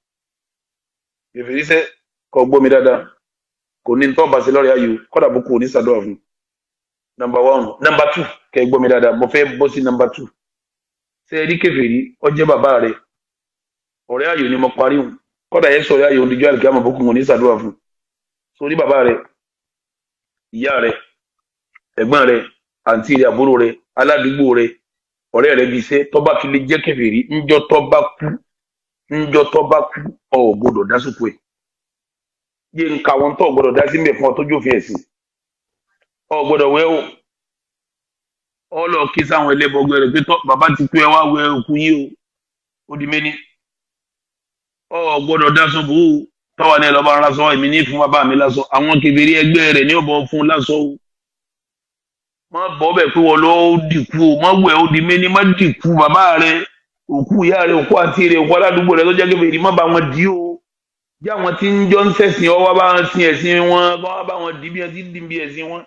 kèfèrí sẹ́ kọ́ gbọ́ mi dáadáa kò ní tọ́ bàṣẹ lọ́rẹ̀ ayò kọ́dà bó kò ní sàdúrà fún nàmbà wán nàmbà tù kẹ́ gbọ́ mi dáadáa mo fẹ́ bọ́ sí nàmbà tù ṣe rí kèfèrí ọjẹ́ bàbá rẹ ọ̀rẹ́ ayò ni mo parí hùn kọ́dà yẹn sọ̀rẹ́ ayò ndíjọ́ àlùkìyàmà bó kò ní sàdúrà fún sórí bàbá rẹ ìyá rẹ ẹ̀gbọ́n rẹ àǹtí rẹ àbúrò rẹ aládùúgbò rẹ ọ̀rẹ́ rẹ bíi iṣẹ́ tọ́ba fi lè jẹ́ kèfèrí ńjọ́ kú ńjọ tó bá kú ọ ò gbọdọ̀ dásìkò ẹ̀ yé nka wọn tó gbọdọ̀ dá sí mbẹ fún ọ tó jófin ẹ̀sìn ọ gbọdọ̀ wẹ̀ o ọ lọ kí sáwọn ẹlẹ́bọ̀gbẹ́ rẹ̀ pé tọ́ bàbá ti kú ẹ wá wẹ̀ òkú yìí o ó di méní ọ gbọdọ̀ dáṣọ bò ó tọ́wọ́ ní ẹlọ́ba lásọ èmi ní fún bàbá mi lásọ àwọn kèbèrè ẹgbẹ́ rẹ̀ ní ọ̀bọ̀ fún lásọ o má bọ́ bẹ̀ pé wọ́n lọ́ọ́ dìkú o má wẹ̀ ó di méní má dìkú bàbá rẹ̀ òkú ìyá rẹ òkú àǹtí rẹ òkú aládùúgbò rẹ tó jẹ́ kébèrè bá wọn di o bí àwọn tí ń jọ ń ṣẹ̀sìn ọ wá bá wọn sin ẹ̀sìn wọn wá bá wọn di bí wọn ti ń di bí ẹ̀sìn wọn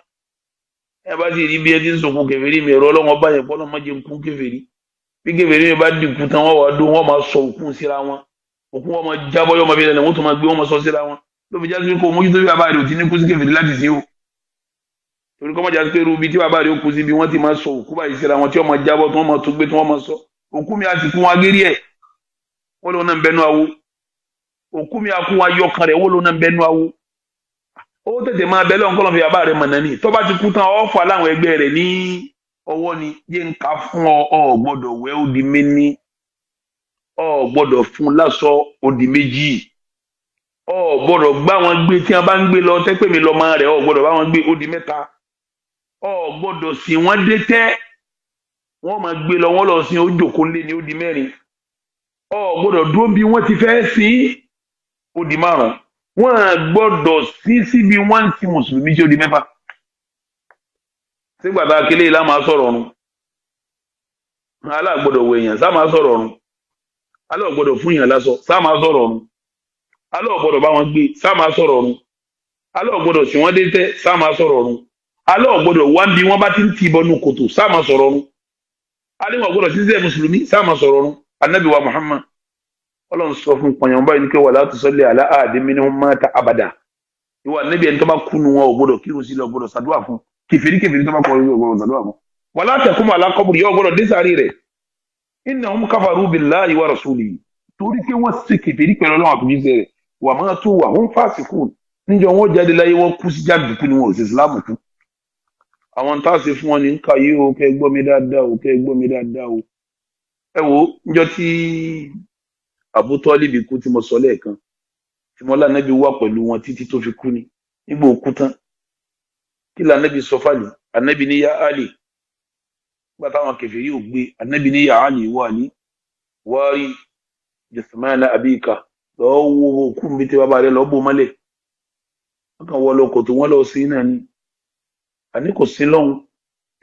ẹ bá sì rí bí ẹ ti ń sòkú kèfèrí mi ẹ̀rọ ọlọ́wọ́n bá yẹn pọ́ lọ́mọ jẹ́ nkú kèfèrí bí kèfèrí mi bá dìkú tán wọ́n wá dún wọ́n máa sọ òkú síra wọn òkú wọn máa jábọ́ yọ́ máa bí lẹ́nu wọ́n tún máa gbé wọ́n máa sọ síra wọn lóbi jásí kó mójútó bí bàbá rẹ̀ ò ti ní kú sí kèfèrí láti sí o torí kọ́ mọ́ jásí pé rúbi tí bàbá rẹ̀ ó kú síbi wọ́n ti máa sọ òkú báyìí síra wọn tí wọ́n máa jábọ́ tí wọ́n máa tún gbé tí wọ́n máa sọ òkú mi àsìkò wọn agérí ẹ̀ wọ́n lọ́wọ́ náà ń bẹnu awo òkú mi àkú wọn ayọ̀kan rẹ̀ wọ́n lọ́wọ́ náà ń bẹnu awo ó tètè máa bẹ lọ́wọ́ kọ́lọ́mù yàrá rẹ̀ mọ̀nà ni tó bá ti kú tán ọ̀fọ̀ aláwọn ẹgbẹ́ rẹ̀ ní ọwọ́ ni yé ń ka fún ọ ọ gbọ́dọ̀ wẹ̀ ó di méní ọ gbọ́dọ̀ fún lásọ O di méjì ọ gbọ́dọ̀ gbá wọn gbé tí wọn bá ń gbé lọ tẹ́pẹ́ mi lọ́mọ rẹ̀ ọ gbọ́dọ̀ bá wọn gbé ó di mẹ́ta ọ gbọ́dọ̀ sìn wọ́n dé tẹ́ wọ́n máa gbé lọ wọ́n lọ sin ó jòkó lé ní ó di mẹ́rin ọ gbọ́dọ̀ dúró bí wọ́n ti fẹ́ sin ó di márùn wọ́n gbọ́dọ̀ sí síbi wọ́n ń sin mùsùlùmí tí ó di mẹ́fà sígbà tá a kélé la máa sọ̀rọ̀ ọ̀run aláàgbọ́dọ̀ wọ èèyàn sá máa sọ̀rọ̀ ọ̀run aláàgbọ́dọ̀ fún èèyàn lásọ sá máa sọ̀rọ̀ ọ̀run aláàgbọ́dọ̀ bá wọn gbé sá máa sọ̀rọ̀ ọ̀run aláàgbọ́dọ̀ tí wọ́n dé tẹ́ sá máa sọ̀rọ̀ ọ̀run aláàgbọ́dọ̀ wá ń bí wọ́n bá ti ń tì bọnú kòtò sá máa sọ̀rọ̀ ọ̀run alẹ́wọ̀n gbọ́dọ̀ sí sẹ́ mùsùlùmí sáàmà sọ̀rọ̀ ọ̀run anabi wa muhammad ọlọ́run sọ fún pọ̀nyàn báyìí ní kí wala tusalli ala ahadin minhum mata abada ìwọ anabi ẹni tó bá kú nu wọn ò gbọ́dọ̀ kírun sí lọ gbọ́dọ̀ sàdúrà fún kìfìrí kìfìrí tó bá kọ orí ọgbọ́dọ̀ sàdúrà fún wala taqumu ala qabri yọ gbọ́dọ̀ désàárì rẹ̀ innahum kafaru billahi wa rasulihi wọn jáde láyé wọn kú sí jáde kú ni wọn ò sì islam kú àwọn tá a ṣe fún wọn ní nǹka yìí o kẹ́ gbọ́ mi dáadáa o kẹ́ gbọ́ mi dáadáa o ẹ wo níjọ́ tí àbútọ́líbi kú tí mo sọ lẹ́ẹ̀kan tí mo lánàbí wà pẹ̀lú wọn títí tó fi kú ni nígbà òkú tán kí lànàbí sọ fàlì ànàbí ní yá àlè nígbà táwọn kẹfẹ yóò gbé ànàbí ní yá àlè wà ní wárí jẹsùmáàlà àbíkà lọ́wọ́ òkú mi tí bàbá rẹ lọ́ọ́ bò mọ́lẹ̀ wọ́n kàn wọ́ lọ́kọ̀ tó wọ́n lọ́ọ́ sí náà ni. Ani kò sí lọ́hùn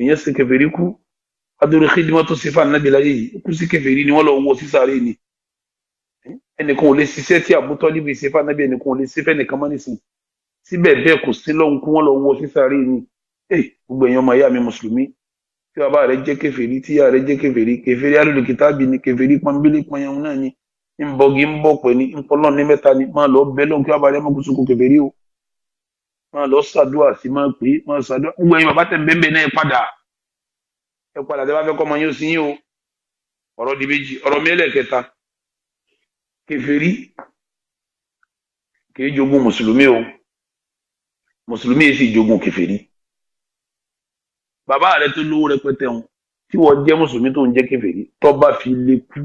ìyẹn sì kèfèrí kú adúrú xidimọ́ tó ṣe fún ànábì láyé yìí kú sí ni wala lọ wo sísáré ni ẹnìkan ò lè ṣiṣẹ́ tí àbútọ́ níbi ìṣe fún ànábì ẹnìkan ò lè ṣe fẹ́ nìkan mọ́ nísìn síbẹ̀ bẹ́ẹ̀ kò sí lọ́hùn kú wọ́n lọ wo sísáré ni eh, gbogbo èèyàn ọmọ ìyá mi mùsùlùmí tí bàbá rẹ jẹ́ kèfèrí tí ìyá rẹ jẹ́ kèfèrí kèfèrí alùkìtàbí ni kèfèrí pọnbélé pọnyẹun náà ni ń bọgi ń bọ pẹ ni ń pọlọ ní mẹ́ta ni máa lọ bẹ lóhùn kí bàbá rẹ mọ kùsùkù o máa lọ ṣàdúrà sí máa pè é máa ṣàdúrà gbogbo ẹ̀yin bàbá tẹ̀ ń bẹ́ẹ̀ náà ẹ padà ẹ padà tẹ́ bá fẹ́ kọ́ ọmọ yín ó sí yín o ọ̀rọ̀ di méjì ọ̀rọ̀ mẹ́lẹ̀ kẹta kèfèrí kì í jogún mùsùlùmí o mùsùlùmí yìí sì jogún kèfèrí bàbá rẹ tó lówó rẹpẹtẹ wọn tí wọ́n jẹ́ mùsùlùmí tó ń jẹ́ kèfèrí tó bá fi lè kú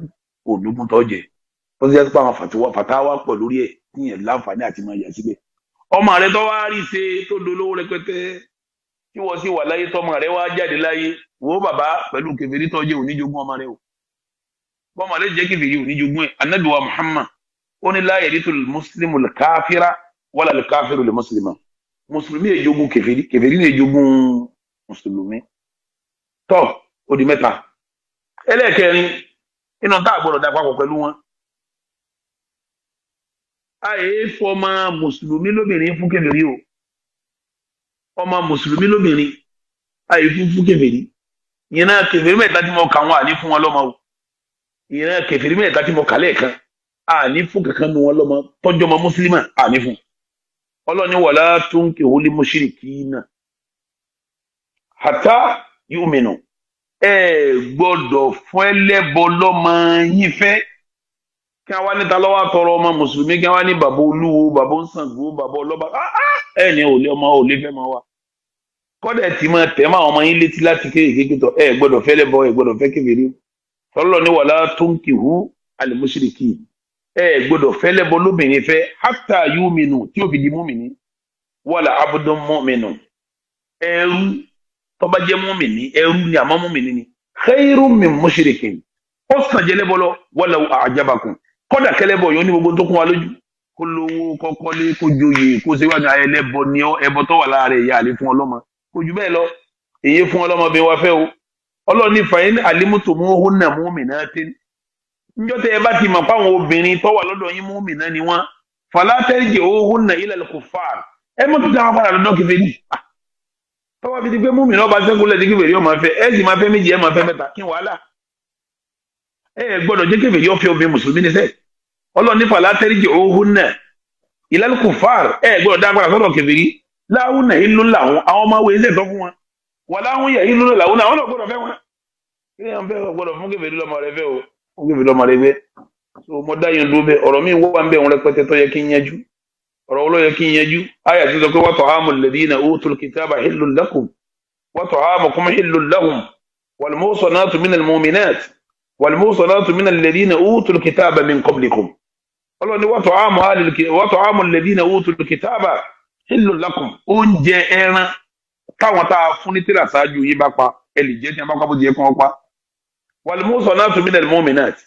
òdògùn tó jẹ tó ti ọmọ rẹ tó wá rí ṣe tó dolówó rẹpẹtẹ tí wọ́n sì wà láyé tọmọ rẹ wá jáde láyé wo bàbá pẹ̀lú kẹfìrí tọ́jú òní ọmọ rẹ o bọ́mọ rẹ jẹ́ kẹfìrí òní jogún ẹ̀ Muhammad ó ní láyé rí tó mùsùlùmù káfíra wọ́lá lè káfíru lè mùsùlùmù mùsùlùmí lè jogún kẹfìrí kẹfìrí lè jogún mùsùlùmí tọ́ ó di mẹ́ta ẹlẹ́ẹ̀kẹrin tá a gbọ́dọ̀ dá papọ̀ wọn àyè fọmọ mùsùlùmí lóbìnrin fún kèfèrí o ọmọ mùsùlùmí lóbìnrin àyè fún fún kèfèrí ìyẹn náà kèfèrí mẹ́ta tí mo kà wọn àní fún wọn lọ́mọ o ìyẹn náà kèfèrí mẹ́ta tí mo kà lẹ́ẹ̀kan àní fún kankan nu wọn lọ́mọ tọjọ ọmọ mùsùlùmí àní fún ọlọ́ni wàlá tó ń kéwòn lé mushrikina hàtá yu'minu ẹ gbọ́dọ̀ fún ẹlẹ́bọ lọ́mọ yín fẹ́ kí wọn wá níta lọ́wọ́ àtọrọ ọmọ mùsùlùmí kí wọn wá ní bàbá olúwo bàbá Ṣàngó bàbá ọlọ́ba ẹ̀ ní òlé ọmọ òlé fẹ́ máa wà kọ́dẹ̀ tí máa tẹ̀ máa ọmọ yín létí láti kéékèèké tọ̀ ẹ̀ gbọ́dọ̀ fẹ́ lẹ́bọ̀ ẹ̀ gbọ́dọ̀ fẹ́ kékeré tọ́lọ́ ní wàlá tó ń kìhú alimusiriki ẹ̀ gbọ́dọ̀ fẹ́ lẹ́bọ lóbìnrin fẹ́ hátà yóò mìnú tí ó fi di múmìnì wàlà ó sàn jẹ́ lẹ́bọ àjàbàkùn kódà kẹlẹ́bọ̀ yóò ní gbogbo tó kún wa lójú kó lówó kọ́kọ́ lé kó joyè kó ṣe wá ní ẹlẹ́bọ ni ọ ẹbọ tó wà lára ẹ̀yà àlè fún ọlọ́mọ kò jù bẹ́ẹ̀ lọ èyí fún ọlọ́mọ bí wá fẹ́ o ọlọ́run ní fàyín àlímùtò mú hún nà mú mi náà tẹ́ níjọ́ tẹ́ ẹ bá ti mọ̀ páwọn obìnrin tó wà lọ́dọ̀ yín mú mi náà ni wọ́n falatẹ́jì hún nà ilẹ̀ kò fà ẹ mọ̀ tó dáhùn padà lọ́dọ̀ kìfẹ́ ni ah! tọ́wọ́ fi ti gbé mú mi náà bá sẹ́kù lẹ́ẹ̀dẹ́gbẹ̀rẹ́ ọmọ fẹ́ ẹ sì máa fẹ́ méjì ẹ máa fẹ́ mẹ́ta kí wàhálà ẹ gbọ́dọ̀ jẹ́ kẹfẹ́ yọ fi obìnrin mùsùlùmí ní sẹ́ ọlọ́ọ̀ni fàlà tẹ́ríjì òhun náà ìlàlùkù fàr ẹ gbọ́dọ̀ dágbára sọ́dọ̀ kẹfìrí láwùn náà ìlú làwọn àwọn ọmọ wo ẹsẹ̀ tọ́ fún wọn wà láwùn yà ìlú làwọn náà wọn náà gbọ́dọ̀ fẹ́ wọn. ilé yẹn fẹ́ gbọ́dọ̀ fún kẹfìrí lọ́mọ rẹ fẹ́ o fún kẹfìrí lọ́mọ rẹ fẹ́ so yẹ kí n yẹjú ọ̀rọ̀ wo ló yẹ kí n yẹjú ayé àti sọ pé wa ta'amul ladina utul kitaba hillun lakum wa ta'amukum hillun lahum wal muhsanatu minal mu'minat والموصلات من الذين أوتوا الكتاب من قبلكم ọlọ́ni wọ́tọ̀ àmọ́ lẹ́dínà òótù kìtàbà hìlù lakum oúnjẹ ẹran táwọn tá a fún ní tírà ṣáájú yìí bá pa ẹ lè jẹ́ tí wọ́n bá pa bó ti yẹ kí wọ́n pa. wàlúmọ́sọ̀ náà tún mílẹ̀ mọ́mìnàtì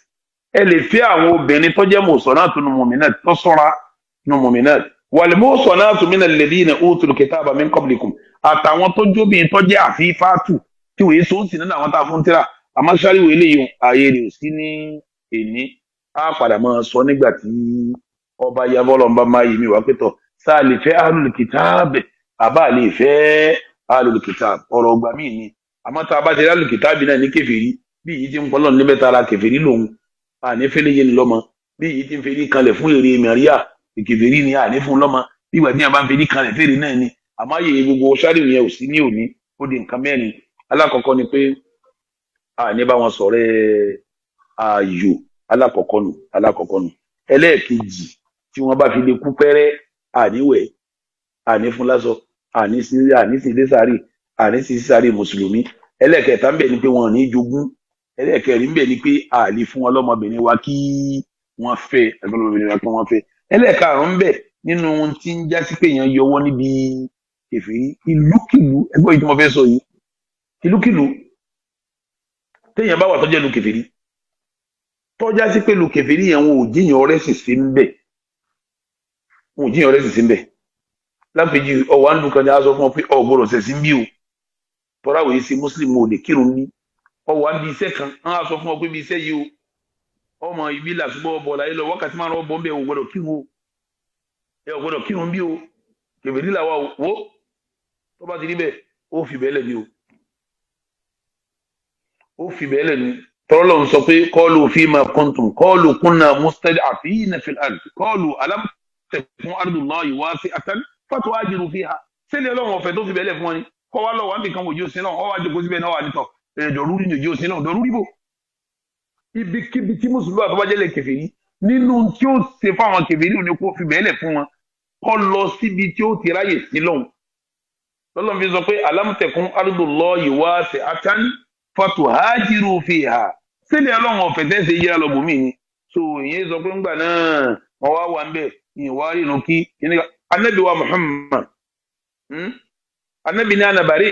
ẹ lè fi àwọn obìnrin tó jẹ́ mọ́sọ̀ náà tún mọ́mìnàtì tó sọ́ra nù mọ́mìnàtì. wàlúmọ́sọ̀ náà tún mílẹ̀ lẹ́dínà òótù kìtàbà min qablikum àtàwọn tó jóbìn tó jẹ́ àfífàtù tí wòye sóòtì nínú àwọn tá a fún tírà àmọ́ sáríwò eléyìí ààyè rẹ̀ ò sí ní èní á padà máa sọ nígbà tí ọba yabọ́lọ́mbà máa yìí mi wá pé tọ̀ sáà lè fẹ́ alùkìtàbì àbá lè fẹ́ alùkìtàbì ọ̀rọ̀ ọgbà míì ni àmọ́ tá a bá ti rí alùkìtàbì náà ní kẹfìrí bí yìí ti ń pọ́nlọ́ọ̀ níbẹ̀ tara kẹfìrí lòun àní fẹ́lẹ́ yé ni lọ́mọ bí yìí ti ń fẹ́rí kanlẹ̀ fún èrè mẹ́ríà kẹfìrí ni àní fún lọ́mọ bí ìgbà tí a bá ń fẹ́rí kanlẹ̀ fẹ́rẹ̀ náà ni àmọ́ àyè gbogbo sáríwò yẹn ò sí ní òní ó di nǹkan mẹ́rin alákọ̀ọ́kọ́ ni pé àní bá wọn sọ̀rọ̀ ààyò alákọ̀ọ́kọ́ nù alákọ̀ọ́kọ́ nù ẹlẹ́ẹ̀kejì tí wọ́n bá fi lè kú pẹ́rẹ́ àníwẹ̀ àní fún lásọ àní sí àní sí ilé sáré àní sí sáré mùsùlùmí ẹlẹ́ẹ̀kẹta ń bẹ̀ ni pé wọn ò ní jogún ẹlẹ́ẹ̀kẹrin ń bẹ̀ ni pé àlè fún ọlọ́mọbìnrin wa kí wọ́n fẹ́ ọlọ́mọbìnrin wa kí wọ́n fẹ́ ẹlẹ́ẹ̀karùn-ún ń bẹ̀ nínú ohun tí ń já sí pé èèyàn yọwọ́ níbi kèfèrí ìlúkìlú ẹgbẹ́ yìí tí mo fẹ́ sọ yìí ìlúkìlú téèyàn bá wà tó jẹ́ lu kèfèrí tọ́já sí pé lu kèfèrí yẹn wọn ò jíyàn ọrẹ́ sì sí ń bẹ̀ wọn ò jíyàn ọrẹ́ sì sí ń bẹ̀ lápèjì ọwọ́ àǹdù kan ní aṣọ fún ọ pé ọ gbọ́dọ̀ ṣẹ̀ sí bí o tọ́ra wòye sí mùsùlùmí ò lè kírun ní ọwọ́ àǹdù iṣẹ́ kan á sọ fún ọ pé iṣẹ́ yìí o ọmọ ibi làṣùgbọ́ bọ̀ láyé lọ wákàtí márùn ọbọ̀ ń ò gbọ́dọ̀ kírun o ẹ ò gbọ́dọ̀ kírun bí o kèfèrí làwa wo tó bá ti rí bẹ́ẹ̀ ó fi bẹ́ẹ̀ lẹ̀ o ó fi bẹ́ẹ̀ lẹ́nu tọ́lọ́ ń sọ pé kọ́ọ̀lù fíìmà kọ́ńtùn kọ́ọ̀lù kúnnà mustad àfihàn fil ard kọ́ọ̀lù alámùtẹ̀kùn ardullahi wasi'atan fatuhajiru fiha sẹ́ni ọlọ́run ọ̀fẹ́ tó fi bẹ́ẹ̀ lẹ̀ fún wọn ni kọ́ wa lọ́wọ́ àbí kan òjò sínú ọ̀hún ọ̀wá jókòó síbẹ̀ náà wà nítọ̀ dọ̀rúrí ni òjò sínú dọ̀rúrí bò ibikíbi tí mùsùlùmí àbábájẹ́ lè kèfèrí nínú tí ó ṣe fáwọn kèfèrí ni fatuhajiru fiha sílẹ̀ ọlọ́run ọ̀fẹ́ tẹ́sí yíra lọ bùnmí ni so ìyẹn sọ pé ńgbà náà wọn wá wà ń ìyẹn wá rí inú kí anabi wa muhammad anabi hmm? ní anabari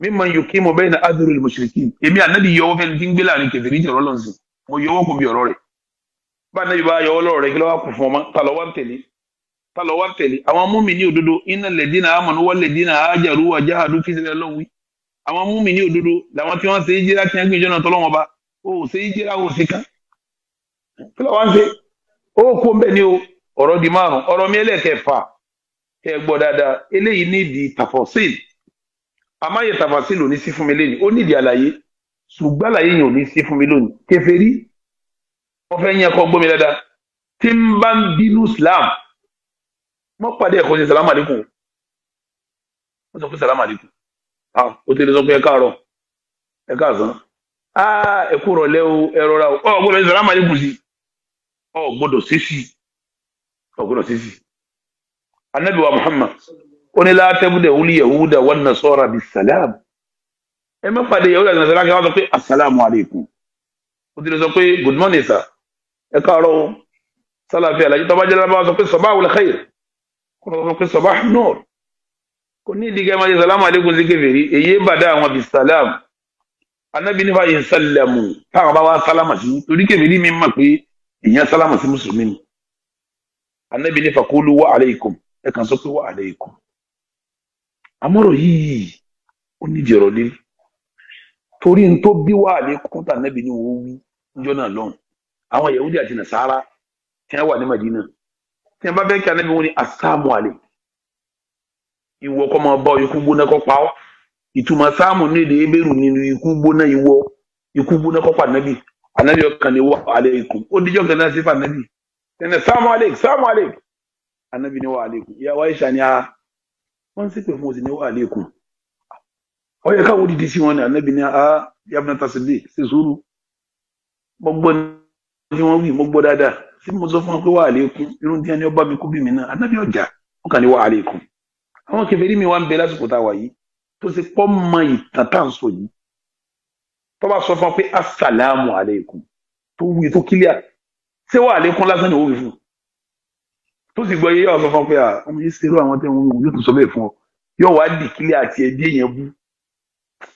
mímọ yòókì mo bẹ́ẹ̀ ní adúrú mushrikin èmi anabi yọwọ́ fẹ́ni tí ń gbé láàrin kẹfẹ́ níjẹ̀ ọlọ́run sí mo yọwọ́ kò bí ọ̀rọ̀ rẹ̀ bá anabi bá yọwọ́ lọ́rọ̀ rẹ̀ kí ló wá kù fún ọmọ ta ló wá tẹ̀lé ta ló wá tẹ̀lé àwọn múmi ní wa jahadu fi sabilillah àwọn múmi ní òdodo làwọn tí wọ́n ṣe é jíra tí wọ́n gbé ìjọ́nà tọ́lọ́wọ́n ba o ṣe é jíra o ṣe kán kí ló wá ń ṣe ó kó ń bẹ̀ ní o ọ̀rọ̀ di márùn ọ̀rọ̀ mi ẹlẹ́kẹ̀ẹ́fà ẹ gbọ́ dáadáa eléyìí nídìí tàfọ̀síìlì àmáyé tàfọ̀síìlì ò ní sí fún mi lónìí ó nídìí àlàyé ṣùgbọ́n àlàyé yìí ò ní sí fún mi lónìí kèfèrí wọ́n yẹn kọ́ gbómi dáadáa tí ń bá ń bínú Islam mọ́ pàdé ẹ̀kọ́ ṣe sàlámù àlékún wọ́n sọ pé sàlámù àlékún ah o tẹ̀lé sọ pé ẹ káàárọ̀ ẹ káàsán ah ẹ kú rọ̀lẹ́ o ẹ rọra o ọ gbọ́dọ̀ ìsàlámù àlékún sí ọ gbọ́dọ̀ sísì ọ gbọ́dọ̀ sísì anabi wa muhammad ó ní látẹ́bùdẹ̀ wúlí yahuda wan nasara bí sàlám ẹ má pàdé yahuda àti nasara kí wọ́n sọ pé asàlámù àlékún o tẹ̀lé sọ pé good morning sir ẹ káàárọ̀ o sálàfẹ́ alájú tọ́bajẹ́ lábá sọ pé sọ́bà wọlé xeyr kọ́nà sọ pé sọ́bà nọ́ọ̀rù. kò ní ìdíkẹ́ Salamu ṣe sàlámù alẹ́kùn sí bada èyí bàdá àwọn bí sàlám anábì nípa yìí sàlámù táwọn bá wá sàlámù sí torí kèfèrí mi mọ̀ pé èèyàn sàlámù sí mùsùlùmí ni anábì nípa kúlú wà alaykum ẹ kàn sọ pé wà alaykum àmọ́rọ̀ yìí n Nasara Madina ìwọ kọ́ máa bọ́ ikú gbóná kọ́ pa ọ́ ìtumọ̀ sáàmù nídìí ebéèrú nínú ikú gbóná ìwọ ikú gbóná kọ́ pa nábì ànábì ọkàn ní wọ alẹ́ ikú ó díjọ́ kan náà sí fà nábì ẹnẹ sáàmù alẹ́ sáàmù alẹ́ ànábì ní wọ alẹ́ ikú ìyàwó Aisha ni a wọ́n sì pè fún òsì ní wọ alẹ́ ikú ọ yẹ káwọn odidi sí wọn ni ànábì ní a yabna tasidi ṣe sùúrù gbogbo ni wọn wí mo dáadáa sí mo sọ fún wọn pé wọ alẹ́ irun díẹ̀ ni ọba mi kú bí mi náà ànábì ọjà wọn kàn wọ alẹ́ àwọn kèfèrí mi wà ń bẹ lásìkò tá a wà yìí tó ṣe pọ́ mọ ìtàn tá à ń sọ yìí tó bá sọ fún ọ pé asalaamu aleykum tó wí tó kílíà ṣé wà àlékún lásán ni ó wí fún tó sì gbọ́ yé yóò sọ fún ọ pé ah, ọmọ yìí ṣerú àwọn tẹ́ wọn yóò tún sọ bẹ́ẹ̀ fún ọ yóò wá dì kílíà àti ẹbí èèyàn bú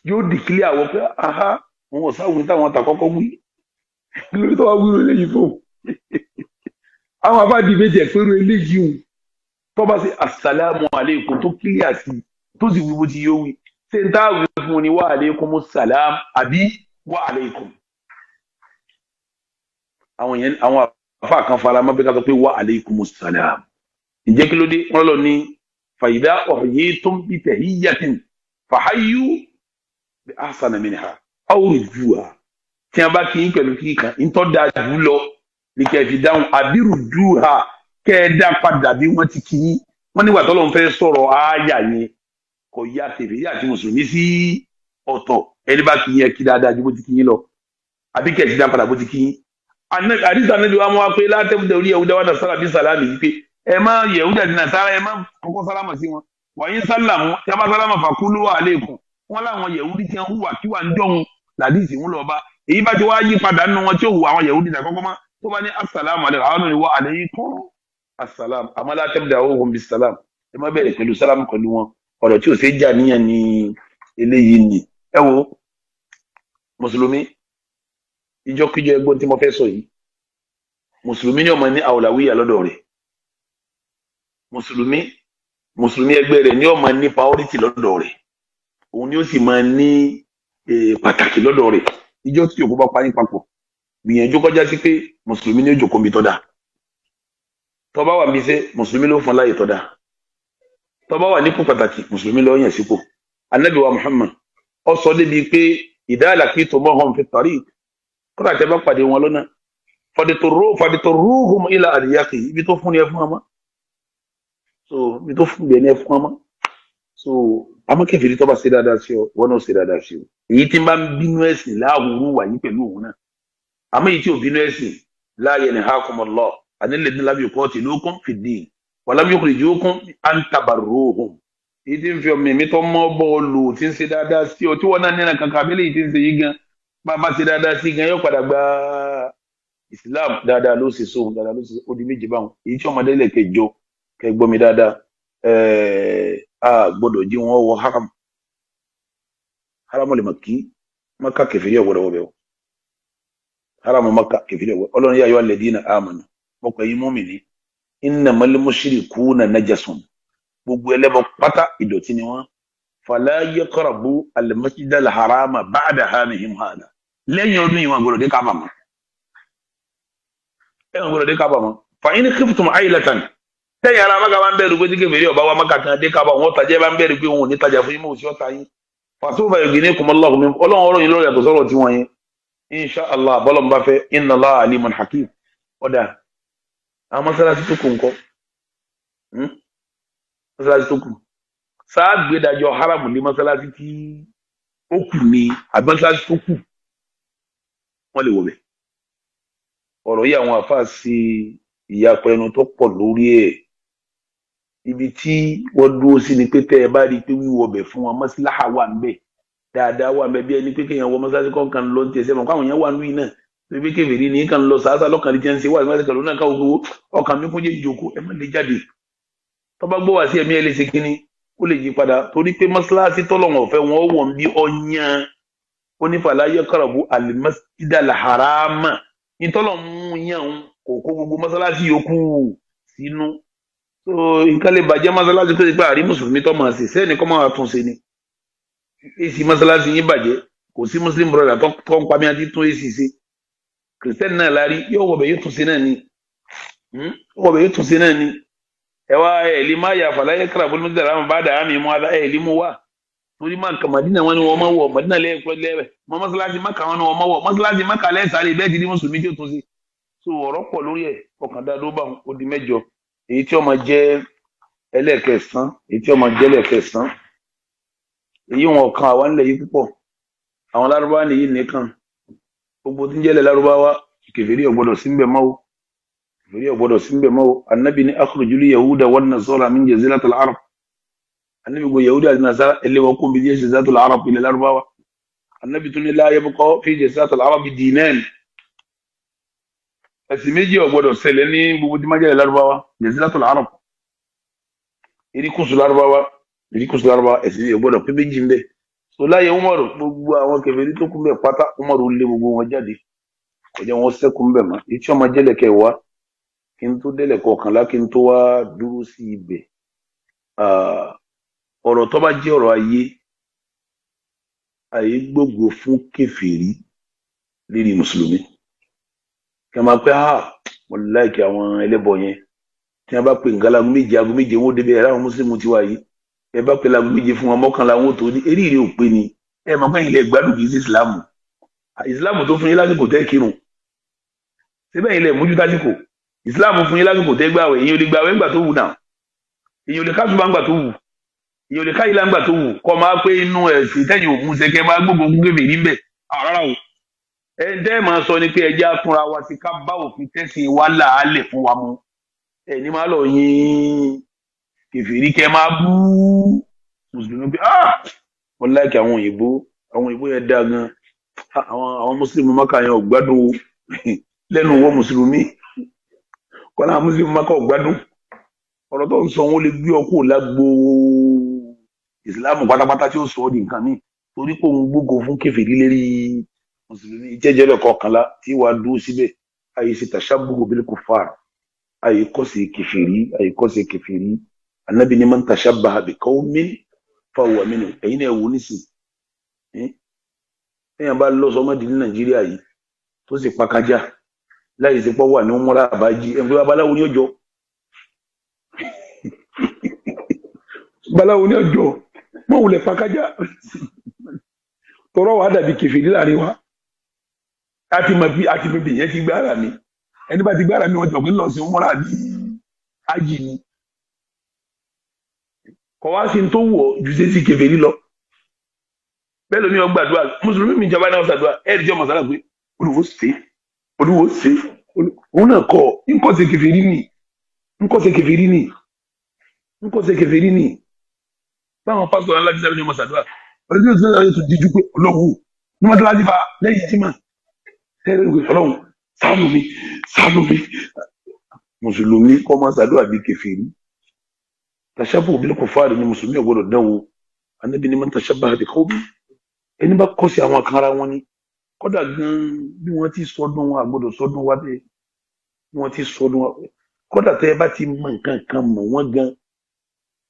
yóò dì kílíà wọ pé aha wọn ò sáwọn táwọn ta kọ́kọ́ wí lórí tó wá wúlò eléyìí fún àwọn àbá dìbẹ́tì ẹ̀ pẹ̀lú eléyìí tó bá ṣe asalaamu aleykum tó kílíà sí tó sì wíwo ti yóò ṣé n táà wí fún ni wà aleykum salaam àbí wà aleykum. àwọn yẹn àwọn afa kan fara mọ́ bí ká sọ pé wà aleykum salaam ǹjẹ́ kí ló dé wọ́n lọ ní fàyídá ọ̀hìnyẹ́tùm bí tẹ̀híyàtìn fàháyú bí ahsana minha awùrù jù wá tí a bá kí n pẹ̀lú kí kan ń tọ́ da jù lọ ní kẹ́ẹ̀ dáhùn àbírù jù ha kẹ́ ẹ dá padà bí wọ́n ti kí yín wọ́n nígbà tó lóun fẹ́ sọ̀rọ̀ ááyà yẹn kò ya tèmi yà ti mùsùlùmí sí ọ̀tọ̀ ẹni bá kí yẹn kí dáadáa ju bó ti kí yín lọ àbí kẹ́ ẹ ti dá padà bó ti kí yín. àdìsá níbi wa mú wa pé látẹ̀mùtẹ̀ orí ẹ̀húdà wà náà sára bí sàlámì yìí pé ẹ má yẹ̀húdà dì náà sára ẹ má kọ́kọ́ sálámà sí wọn wàyí sálàmù tí a bá sálámà fàkúlù wà lẹ́ẹ̀kùn wọn láwọn yẹ̀húdì ti ń hùwà kí wà ń dọ̀hún làdíìsì ń lọ bá èyí bá ti wá yí padà nù wọn tí ò hùwà àwọn yẹ̀húdì náà kọ́kọ́ má tó bá ní asàlámù àlẹ́ àwọn ọ̀nà ìwọ àlẹ́ yìí kọ́ asalam amala tẹ́bùdà owó wọn bí salam ẹ má bẹ̀rẹ̀ pẹ̀lú salam pẹ̀lú wọn ọ̀rọ̀ tí ò ṣe jà níyàn ní eléyìí ni ẹ wo mùsùlùmí ìjọkíjọ ẹgbọ́n tí mo fẹ́ sọ yìí mùsùlùmí ni ọmọ ní àwòlàwíyà lọ́dọ̀ rẹ̀ mùsùlùmí mùsùlùmí ẹgbẹ́ rẹ̀ ni ọmọ ní priority lọ́dọ̀ rẹ̀ òun ni ó sì máa ní e, pàtàkì lọ́dọ̀ rẹ̀ ìjọ tí yòókù bá pa yín gbìyànjú kọjá sí pé mùsùlùmí ni ó jòkó mi tọ́ da tó bá wà níbi iṣẹ́ mùsùlùmí ló fún ọ láàyè tó dáa tó bá wà nípò pàtàkì mùsùlùmí ló yàn sípò anabi muhammad ó sọ débi pé ìdáàlàkì tó mọ hàn fi tàrí kódà tẹ bá pàdé wọn lọ́nà fàdìtòrúhùn ilà àdìyàkì ibi tó fún ni ẹ fún ọmọ so ibi tó fún bẹ́ẹ̀ ni ẹ fún ọmọ so amákẹ́fìrí tó bá ṣe dáadáa sí ọ wọn náà ṣe dáadáa sí ọ èyí tí n bá ń bínú ẹ̀sìn láàwùrú wà yí pẹ̀lú òun náà àmọ́ èyí tí ò bínú ẹ̀sìn láàyè ni hákùmọ̀ lọ́ọ̀ anilẹ̀ ní lábẹ́ òkú ọ̀tí lókun fìdí wàlábí òkú ìjì òkun à ń tabarò hùn. èyí tí ń fi ọmọ èmi tó mọ́ bọ́ọ̀lù tí ń ṣe dáadáa sí ọ tí wọ́n náà nínú kankan abẹ́lẹ̀ yìí tí ń ṣe yí gan bàbá ṣe dáadáa sí gan yóò padà gba Islam dáadáa ló ṣe so dáadáa ló ṣe ó di méjì báwọn èyí tí ọmọdé lè kẹjọ kẹ gbọ́ mi dáadáa a gbọ́dọ̀ jí wọn wọ haram haram lè mà kí maka kẹfìrí ọ̀gbọ́dọ̀ wọ bẹ́ẹ̀ haram maka kẹfìrí ọ̀gbọ́dọ̀ ọlọ́run yà yọ alẹ́ dín náà àmàna mo pè yín mùmínì innamal mushrikuna najasun gbogbo ẹlẹ́bọ pátá ìdọ̀tí ni wọ́n fala yaqrabu al-masjidal harama ba'da hamihim hada lẹ́yìn ọdún yìí wọn gbọdọ̀ dé kábà mọ́ ẹ wọn gbọdọ̀ dé kábà mọ́ fa in khiftum ailatan tẹ́yìn ara maka bá ń bẹ̀rù pé tíkẹ́ mèrè ọba wa maka kan dé kábà wọn tajà bá ń bẹ̀rù pé wọn ò ní tajà fún yín mọ̀ òsì ọ̀tá yín fàṣọfà yòókì ní kùmọ́lọ́ọ̀kùn mi yìí lọ́rọ̀ yàtọ̀ sọ́rọ̀ tiwọn yẹn insha allah bọ́lọ̀ ń inna allah alimun hakim ọ̀dà àwọn mọ́sálásí tó kù ńkọ́ hmm? mọ́sálásí tó kù sáà gbẹdájọ́ haramu ní mọ́sálásí tí ó kù ní àbí mọ́sálásí tó kù wọ́n lè wọ̀ bẹ́ẹ̀ ọ̀rọ̀ yìí àwọn àfáà sí ìyapa ẹnu tó pọ̀ lórí ẹ̀ ibi tí wọ́n dúró sí ni pé tẹ́ ẹ bá rí i pé wíwọ ọbẹ̀ fún wọn mọ́síláhà wà ń dáadáa wà ń bí ẹni pé kéèyàn wọ mọ́sálásí kọ̀ọ̀kan ló ń tiẹ̀ sẹ́wọ̀n káwọn yẹn wà ń yìí náà ebi kebèrè ní kan lọ sàásà lọkàn ní tiẹnsi wà lọsẹ kẹlẹ onáka ogo ọkàn mi kún jẹ ìjòkó ẹ má lè jáde tọba gbọ wá sí ẹmí ẹ lè ṣe kínní ó lè yí padà torí pé mọ́ṣáláṣí tọ́lọ̀wọ̀n ọ̀fẹ́ wọn ó wọ̀n bí ọ̀yàn onífàlàyé kọ̀rọ̀bù alimọ́sídàlà harama ní tọ́lọ̀mù yàn kò kó gbogbo mọ́ṣáláṣí yòókù sínú tó nǹkan lè bàjẹ́ mọ́ṣáláṣí tó ti pé ni èsì mọ́ṣáláṣí yín bàjẹ́ kò sí mùsùlùmí brọ̀dà kìrìsìtẹ́nì náà lárí yóò wọ̀ bẹ̀ yóò tún sí náà ni hmm? yóò wọ̀ bẹ̀ yóò tún sí náà ni ẹ wá ẹ̀ẹ́lì má yà fàlàyé kàràbọ̀lì mọ́tò dàrá bá dàá mi mú adá ẹ̀ẹ́lì mú wá torí má kà màdínà wọn ni wọn má wọ màdínà lẹ́ẹ̀kọ́ lẹ́ẹ̀bẹ̀ mọ́ mọ́sálásí má kà wọn ni wọn má wọ mọ́sálásí má kà lẹ́ẹ̀sàlẹ̀ bẹ́ẹ̀ ti di mùsùlùmí tí ó tún sí so ọ̀rọ̀ pọ̀ lórí ẹ̀ ọkàn dáadó bá wọn ó di èyí tí ọmọ jẹ́ ẹlẹ́ẹ̀kẹsán èyí tí ọmọ jẹ́ ẹlẹ́ẹ̀kẹsán èyí wọn kàn àwọn ilẹ̀ yìí púpọ̀ àwọn lárúbáwá nìyí nìkan gbogbo tí ń jẹ́lẹ̀ lárúbáwá kèfèrí ọ̀gbọ́dọ̀ sí ń bẹ̀ mọ́ o kèfèrí ọ̀gbọ́dọ̀ sí ń bẹ̀ mọ́ o annabi ni akhrujul yahuda wan nasara min jaziratil arab annabi ko yahuda àti nasara ẹlẹ́wọ̀n kún bí jẹ́ jaziratil arab ilẹ̀ lárúbáwá annabi tún ní la yabqa fi jaziratil arab dinan ẹ̀sìn méjì ọ̀gbọ́dọ̀ ṣẹlẹ̀ ní gbogbo tí májẹ̀lẹ̀ lárúbáwá jaziratil arab erikusu lárúbáwá erikusu lárúbáwá ẹ̀sìn méjì ọ̀gbọ́dọ̀ pé méjì ń bẹ́ẹ̀ sọláyé umaru gbogbo àwọn kẹfẹẹrí tó kún bẹ pátá umaru lé gbogbo wọn jáde ọjà wọn sẹkùn bẹ mọ etí ọmọ jẹlẹkẹ wá kí n tó délẹ kọkànlá kí n tó wá dúró sí ibẹ̀ ọ̀rọ̀ tó bá jẹ́ ọ̀rọ̀ ayé ayé gbogbo fún kẹfẹẹrí lórí mùsùlùmí kí a máa pẹ ha wọn láìkí àwọn ẹlẹ́bọ yẹn tí wọn bá pè nǹkan lágùn méje agùn méje wọn débẹ̀ ẹ láwọn mùsùlùmí ti wá yìí ẹ bá pẹlẹ aago méje fún wọn mọ́kànlá wọn tó ní eré ìrè òpin ni ẹ mọ pé ilẹ̀ gbádùn kì í sí ìsìlámù ìsìlámù tó fún yín lásìkò tẹ́ kírun síbẹ̀ ilẹ̀ mójú tásìkò ìsìlámù fún yín lásìkò tẹ́ gbàwẹ̀ èyí ò lè gbàwẹ̀ ńgbà tó wù náà èyí ò lè kásùbà ńgbà tó wù èyí ò lè káyìlá ńgbà tó wù kọ́ máa pé inú ẹ̀sìn tẹ́yìn òmù sẹ́kẹ́ máa gbógun gúgbé mi níbẹ̀ àrárá ah, o ẹ ń tẹ́ máa sọ ni pé ẹja fúnra wa ti ká bá òfin tẹ́sìn wa là á lẹ̀ fún wa mu ẹ̀ ní máa lọ yín kèfèrí kẹ máa bú mùsùlùmí pé ah wọn láìkí àwọn òyìnbó àwọn òyìnbó yẹn dáa gan àwọn àwọn mùsùlùmí maka yẹn ò gbádùn o lẹ́nu wọ mùsùlùmí kọ́lá àwọn mùsùlùmí maka ò gbádùn ọ̀rọ̀ tó ń sọ wọn lè gbé ọkọ lágbo ìsìlámù pátápátá tí ó sọ ọ́ di nǹkan míì torí pé òun gbógo fún kèfèrí lérí mùsùlùmí jẹjẹrẹ kọkànlá tí wàá dúró síbẹ̀ àyè ṣe tàṣà gbogbo bílẹ̀ kò fà àyè kọ́ sí kèfèrí àyè kọ́ sí kèfèrí anabi ni man tashabbaha bi qaumin fa huwa minhum ẹ̀yin náà wò nísìn ẹ̀yin bá lọ sọmọdé ní nàìjíríà yìí tó sì pàkájà láì sí pọ́ wà ní múra àbájí ẹ̀ ń pé babaláwo ní ọjọ́ babaláwo ní ọjọ́ mọ̀ wulẹ̀ pàkájà tọrọ wàá dàbí kẹfìrí láàrin wa àti mọ̀bí àti bèbè yẹn ti gbára mi ẹni bá ti gbára mi wọn jọ pé lọ sí múra àbí ájì ni kọ wá sí tó wọ ju sẹ́sì kèfèrí lọ bẹ́ẹ̀ lómi ọgbà àdúrà mùsùlùmí mi jaba náà ṣàdúrà ẹ̀ ẹ̀dìjọ́ màsálà pé olùwò ṣe olùwò ṣe òun náà kọ nǹkan ṣe kèfèrí nì nǹkan ṣe kèfèrí nì nǹkan ṣe kèfèrí nì báwọn pásítọ̀ alájí sábẹ́ ní màsàdúrà olùdíje tó náà yẹ tó díjú pé ọlọ́wọ́ ní wọ́n tó láti fa lẹ́yìn tí mà ọlọ́run ṣàánú mi ṣàánú mi tashabuhu bil kufari ni mùsùlùmí ọ̀gbọ́dọ̀ dánwò anábì ni man tashabbaha bi qawmin ẹni bá kọ́ sí àwọn kan ara wọn ni kódà gan bí wọ́n ti sọdún wọn àgbọ́dọ̀ sọdún wa bẹ́ẹ̀ bí wọ́n ti sọdún wa kódà tẹ́ ẹ bá ti mọ nǹkan kan mọ̀ wọ́n gan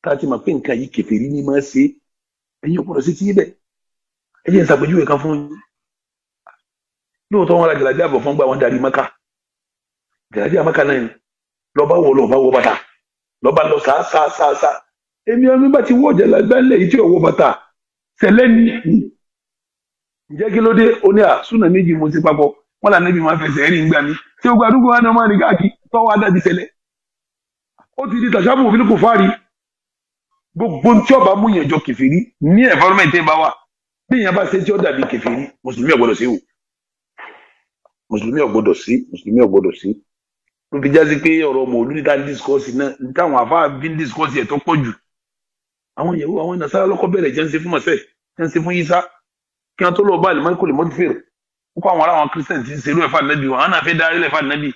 tá a ti mọ̀ pé nǹkan yìí kèfèrí ni máa ṣe ẹ̀yin ọ̀gbọ́dọ̀ sí ti yí bẹ́ẹ̀ ẹ jẹ́ ìṣàpèjúwe kan fún yín lóòótọ́ wọn ra lọ́ba lọ sá sá sá sá èmi ọdún bá ti wọ́ ọ̀jẹ̀ lágbá lẹ̀ yìí tí ò wọ bàtà sẹ̀lẹ̀ ni ǹjẹ́ kí ló dé ó ní àsúnà méjì mo ti papọ̀ wọn là níbi máa fẹsẹ̀ rìn gbà mí ṣé gbogbo àdúgbò wa ni wọn máa rìn káàkiri tọ́wọ́ adájí sẹ̀lẹ̀ ó ti di tàṣàbù òfin kò fárí gbogbo tí ọba mú yẹn jọ kẹfìrí ní environment bá wà bí yẹn bá ṣe tí ó dàbí kẹfìrí mùsùlùmí ò sí o mùsùlùmí ò sí mùsùlùmí ò sí ló fi jásí pé ọ̀rọ̀ mọ̀lúdì tá à ń discourse náà táwọn àfáà fi ń discourse ẹ̀ tó pọ̀ jù àwọn ìyàwó àwọn nasara lọ́kọ́ bẹ̀rẹ̀ jẹ́ ń ṣe fún mọ̀sẹ̀ jẹ́ ń ṣe fún yísá kí wọ́n tó lọ bá àlùmọ́ ìkọlẹ̀ mọ́tífẹ̀rẹ̀ ó àwọn ará christian ti ń ṣerú ẹ̀fà nàbì wọn àná fẹ́ darí lẹ̀fà nàbì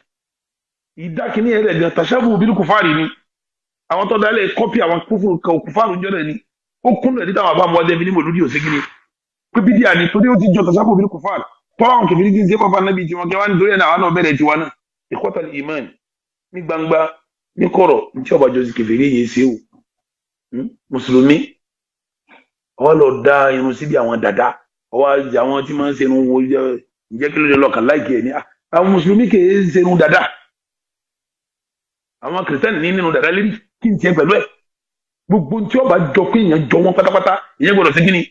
ìdákiní ẹ̀rẹ̀ gan tàṣàbù bíi kùfàrì ni àwọn tó dálẹ̀ kọ́pì àwọn kùfàrì jọ náà ni ó kún lẹ̀ níta àwọn àbá mọ́ọ́dẹ́ mi ni torí ó ti jọ tàṣàbù bíi kùfàrì tọ́wọ́n kẹfìrí ti ń ṣe pàpà nàbì tiwọn kẹwàá nítorí ẹ̀ ìkọ́tà ìmán ní gbangba ní kọ̀rọ̀ ní tí ọba jọ́sí kẹfìrí yìí ṣe o hmm? mùsùlùmí ọwọ́ lọ da irun síbi àwọn dàda ọwọ́ àwọn tí máa ń ṣerun wo ǹjẹ́ kí ló lè lọ́kàn láìkí ẹ̀ ní ah, àwọn mùsùlùmí kì í ṣerun dàda àwọn kìrìsìtẹ́nì ní nínú dàda lérí kí n tiẹ̀ pẹ̀lú ẹ̀ gbogbo tí ọba jọ pé èèyàn jọ wọn pátápátá ìyẹn gbọdọ̀ sí kíni